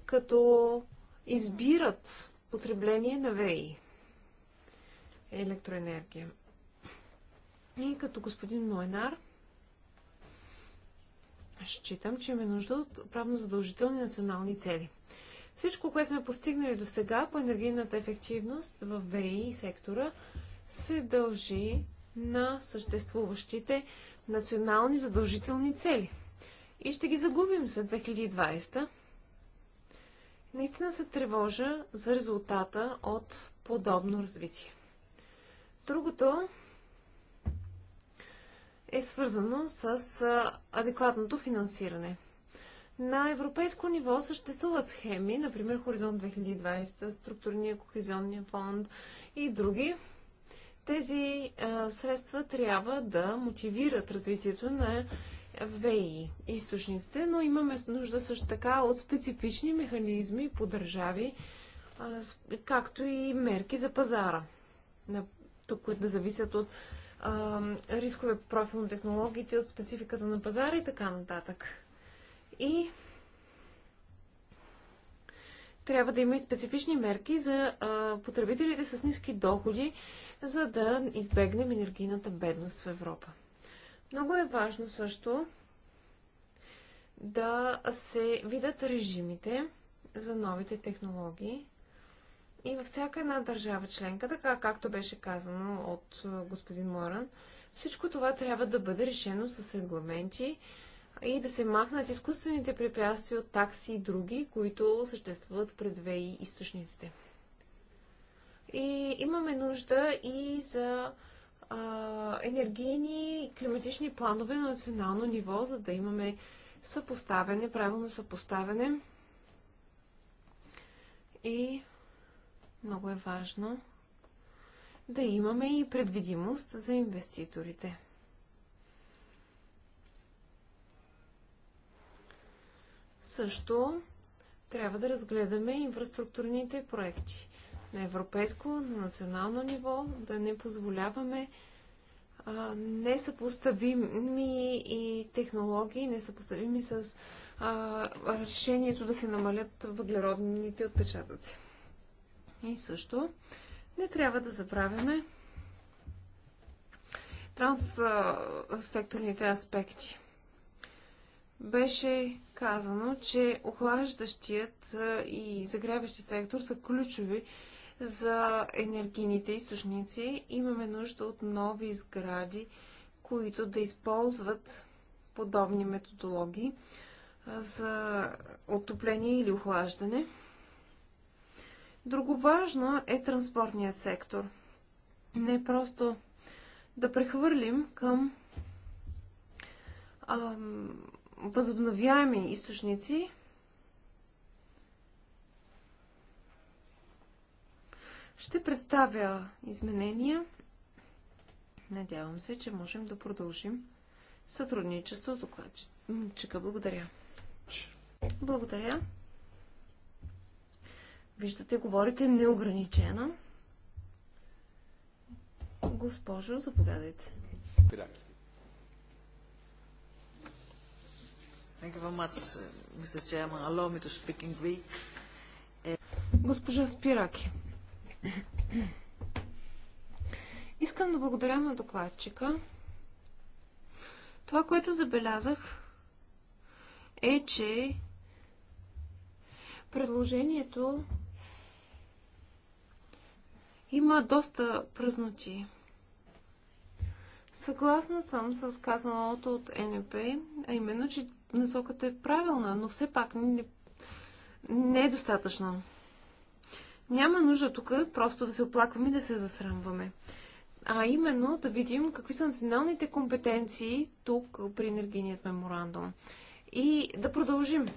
като избират потребление на ВИ електроенергия. И като господин Моенар, считам, че имаме нужда от правно задължителни национални цели. Всичко, което сме постигнали до сега по енергийната ефективност в ВИ сектора, се дължи на съществуващите национални задължителни цели. И ще ги загубим за 2020. Наистина се тревожа за резултата от подобно развитие. Другото е свързано с адекватното финансиране. На европейско ниво съществуват схеми, например Хоризонт 2020, Структурния кохезионния фонд и други. Тези а, средства трябва да мотивират развитието на ВИ източниците, но имаме нужда също така от специфични механизми по държави, а, както и мерки за пазара, на, тук, които да зависят от рискове рискове профил на технологиите, от спецификата на пазара и така нататък. И трябва да има и специфични мерки за а, потребителите с ниски доходи, за да избегнем енергийната бедност в Европа. Много е важно също да се видят режимите за новите технологии и във всяка една държава членка, така както беше казано от господин Моран, всичко това трябва да бъде решено с регламенти и да се махнат изкуствените препятствия от такси и други, които съществуват пред ВИ източниците. И имаме нужда и за а, енергийни и климатични планове на национално ниво, за да имаме съпоставяне, правилно съпоставяне и много е важно да имаме и предвидимост за инвеститорите. Също трябва да разгледаме инфраструктурните проекти на европейско, на национално ниво, да не позволяваме несъпоставими и технологии, несъпоставими с а, решението да се намалят въглеродните отпечатъци. И също не трябва да забравяме транссекторните аспекти. Беше казано, че охлаждащият и загряващият сектор са ключови за енергийните източници. Имаме нужда от нови сгради, които да използват подобни методологии за отопление или охлаждане. Друго важно е транспортният сектор. Не просто да прехвърлим към ам, възобновяеми източници, Ще представя изменения. Надявам се, че можем да продължим сътрудничество с докладчика. Благодаря. Благодаря. Виждате, говорите неограничена. Госпожо, заповядайте. Госпожа Спираки. Искам да благодаря на докладчика. Това, което забелязах, е, че предложението има доста пръзноти. Съгласна съм с казаното от НП, а именно, че насоката е правилна, но все пак не, не е достатъчна. Няма нужда тук просто да се оплакваме и да се засрамваме. А именно да видим какви са националните компетенции тук при енергийният меморандум. И да продължим.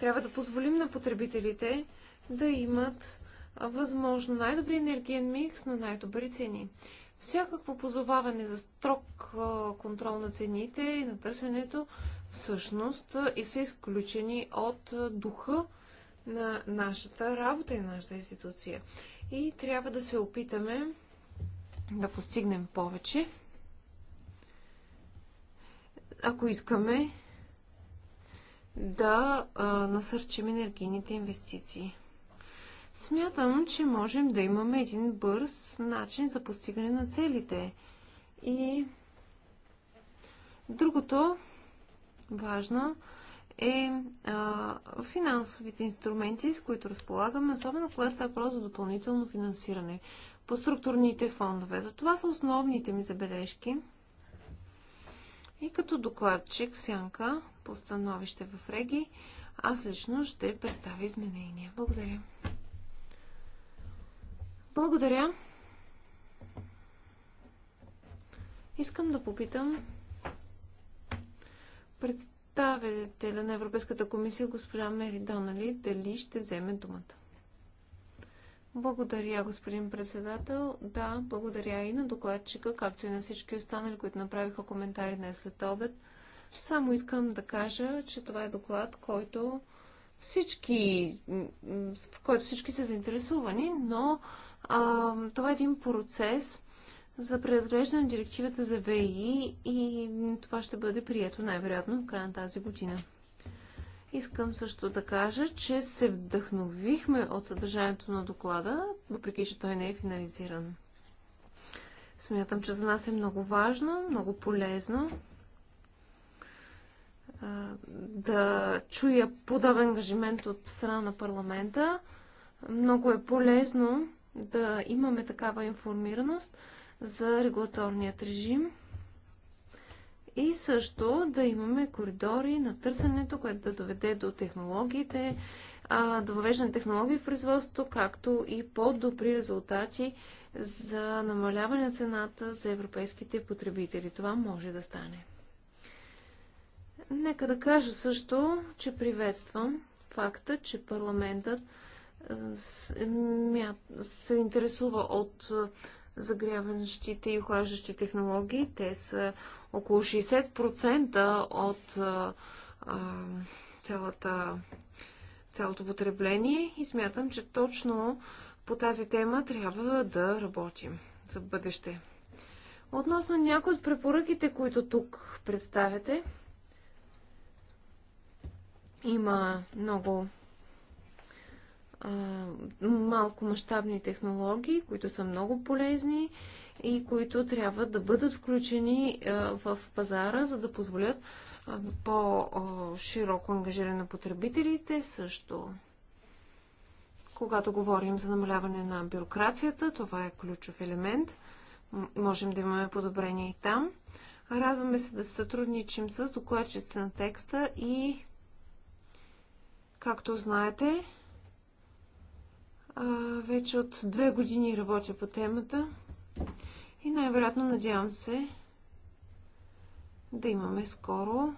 Трябва да позволим на потребителите да имат възможно най-добри енергиен микс на най-добри цени. Всякакво позоваване за строг контрол на цените и на търсенето всъщност и са изключени от духа на нашата работа и нашата институция. И трябва да се опитаме да постигнем повече, ако искаме да насърчим енергийните инвестиции. Смятам, че можем да имаме един бърз начин за постигане на целите. И другото важно е а, финансовите инструменти, с които разполагаме, особено когато става въпрос за допълнително финансиране по структурните фондове. За това са основните ми забележки. И като докладчик в сянка по становище в Реги, аз лично ще представя изменения. Благодаря. Благодаря. Искам да попитам представителя на Европейската комисия, госпожа Мери Донали, дали ще вземе думата. Благодаря, господин председател. Да, благодаря и на докладчика, както и на всички останали, които направиха коментари днес след обед. Само искам да кажа, че това е доклад, който всички, в който всички са заинтересувани, но а, това е един процес за преразглеждане на директивата за ВИ и това ще бъде прието най-вероятно в края на тази година. Искам също да кажа, че се вдъхновихме от съдържанието на доклада, въпреки че той не е финализиран. Смятам, че за нас е много важно, много полезно да чуя подобен ангажимент от страна на парламента. Много е полезно да имаме такава информираност за регулаторният режим и също да имаме коридори на търсенето, което да доведе до технологиите, да до въвеждане технологии в производството, както и по-добри резултати за намаляване на цената за европейските потребители. Това може да стане. Нека да кажа също, че приветствам факта, че парламентът се интересува от загряващите и охлаждащи технологии. Те са около 60% от а, цялата, цялото потребление и смятам, че точно по тази тема трябва да работим за бъдеще. Относно някои от препоръките, които тук представяте, има много малко мащабни технологии, които са много полезни и които трябва да бъдат включени в пазара, за да позволят по-широко ангажиране на потребителите също. Когато говорим за намаляване на бюрокрацията, това е ключов елемент. Можем да имаме подобрение и там. Радваме се да се сътрудничим с докладчиците на текста и, както знаете, вече от две години работя по темата и най-вероятно надявам се да имаме скоро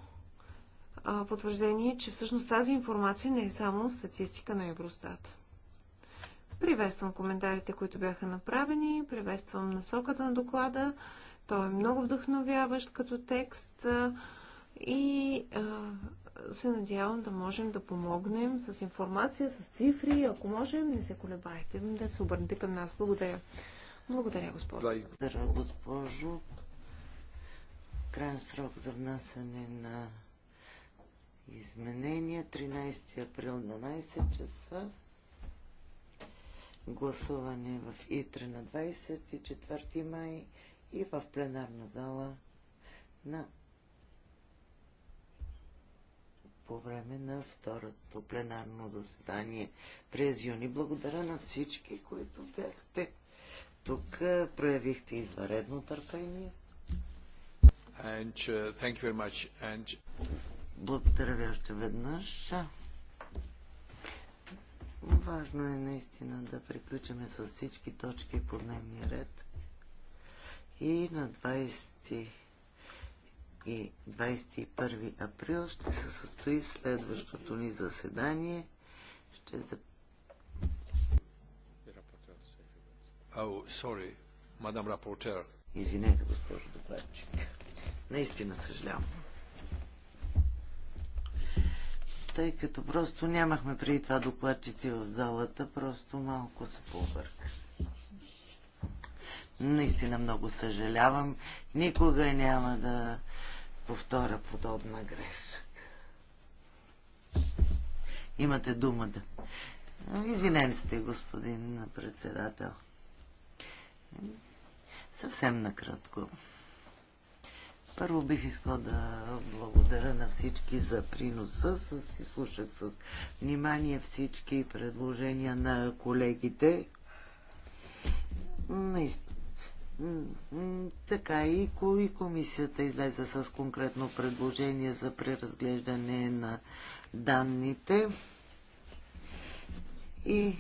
потвърждение, че всъщност тази информация не е само статистика на Евростат. Приветствам коментарите, които бяха направени, приветствам насоката на доклада. Той е много вдъхновяващ като текст и а, се надявам да можем да помогнем с информация, с цифри. Ако можем, не се колебайте да се обърнете към нас. Благодаря. Благодаря, госпожо. Благодаря, госпожо. Крайен срок за внасяне на изменения 13 април 12 часа. Гласуване в Итре на 24 май и в пленарна зала на по време на второто пленарно заседание през юни. Благодаря на всички, които бяхте тук, проявихте изваредно търпение. And, uh, thank you very much. And... Благодаря ви още веднъж. Важно е наистина да приключиме с всички точки по дневния ред. И на 20 и 21 април ще се състои следващото ни заседание. Ще за... Oh, sorry, мадам рапортер. Извинете, госпожо докладчик. Наистина съжалявам. Тъй като просто нямахме преди това докладчици в залата, просто малко се пообърках. Наистина много съжалявам. Никога няма да повторя подобна грешка. Имате думата. Извинен сте, господин председател. Съвсем накратко. Първо бих искал да благодаря на всички за приноса. С, изслушах с внимание всички предложения на колегите. Наистина така и кои комисията излезе с конкретно предложение за преразглеждане на данните. И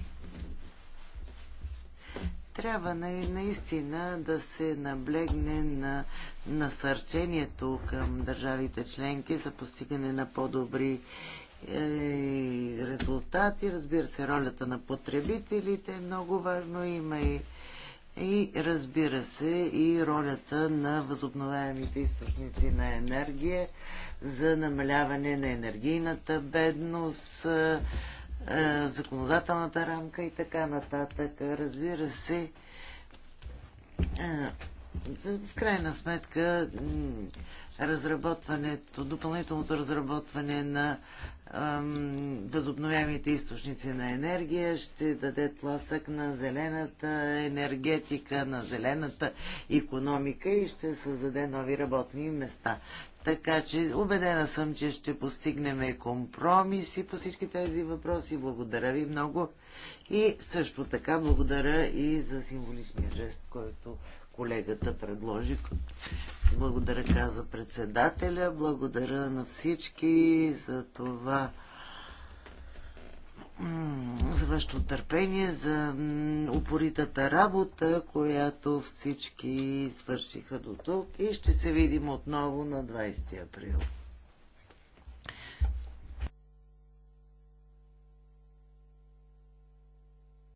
трябва наистина да се наблегне на насърчението към държавите членки за постигане на по-добри е, резултати. Разбира се, ролята на потребителите е много важно. Има и и разбира се и ролята на възобновяемите източници на енергия за намаляване на енергийната бедност, е, е, законодателната рамка и така нататък. Разбира се, е, в крайна сметка разработването, допълнителното разработване на възобновяемите източници на енергия, ще даде тласък на зелената енергетика, на зелената економика и ще създаде нови работни места. Така че убедена съм, че ще постигнем компромиси по всички тези въпроси. Благодаря ви много. И също така благодаря и за символичния жест, който колегата предложи. Благодаря, каза председателя. Благодаря на всички за това за вашето търпение, за упоритата работа, която всички свършиха до тук и ще се видим отново на 20 април.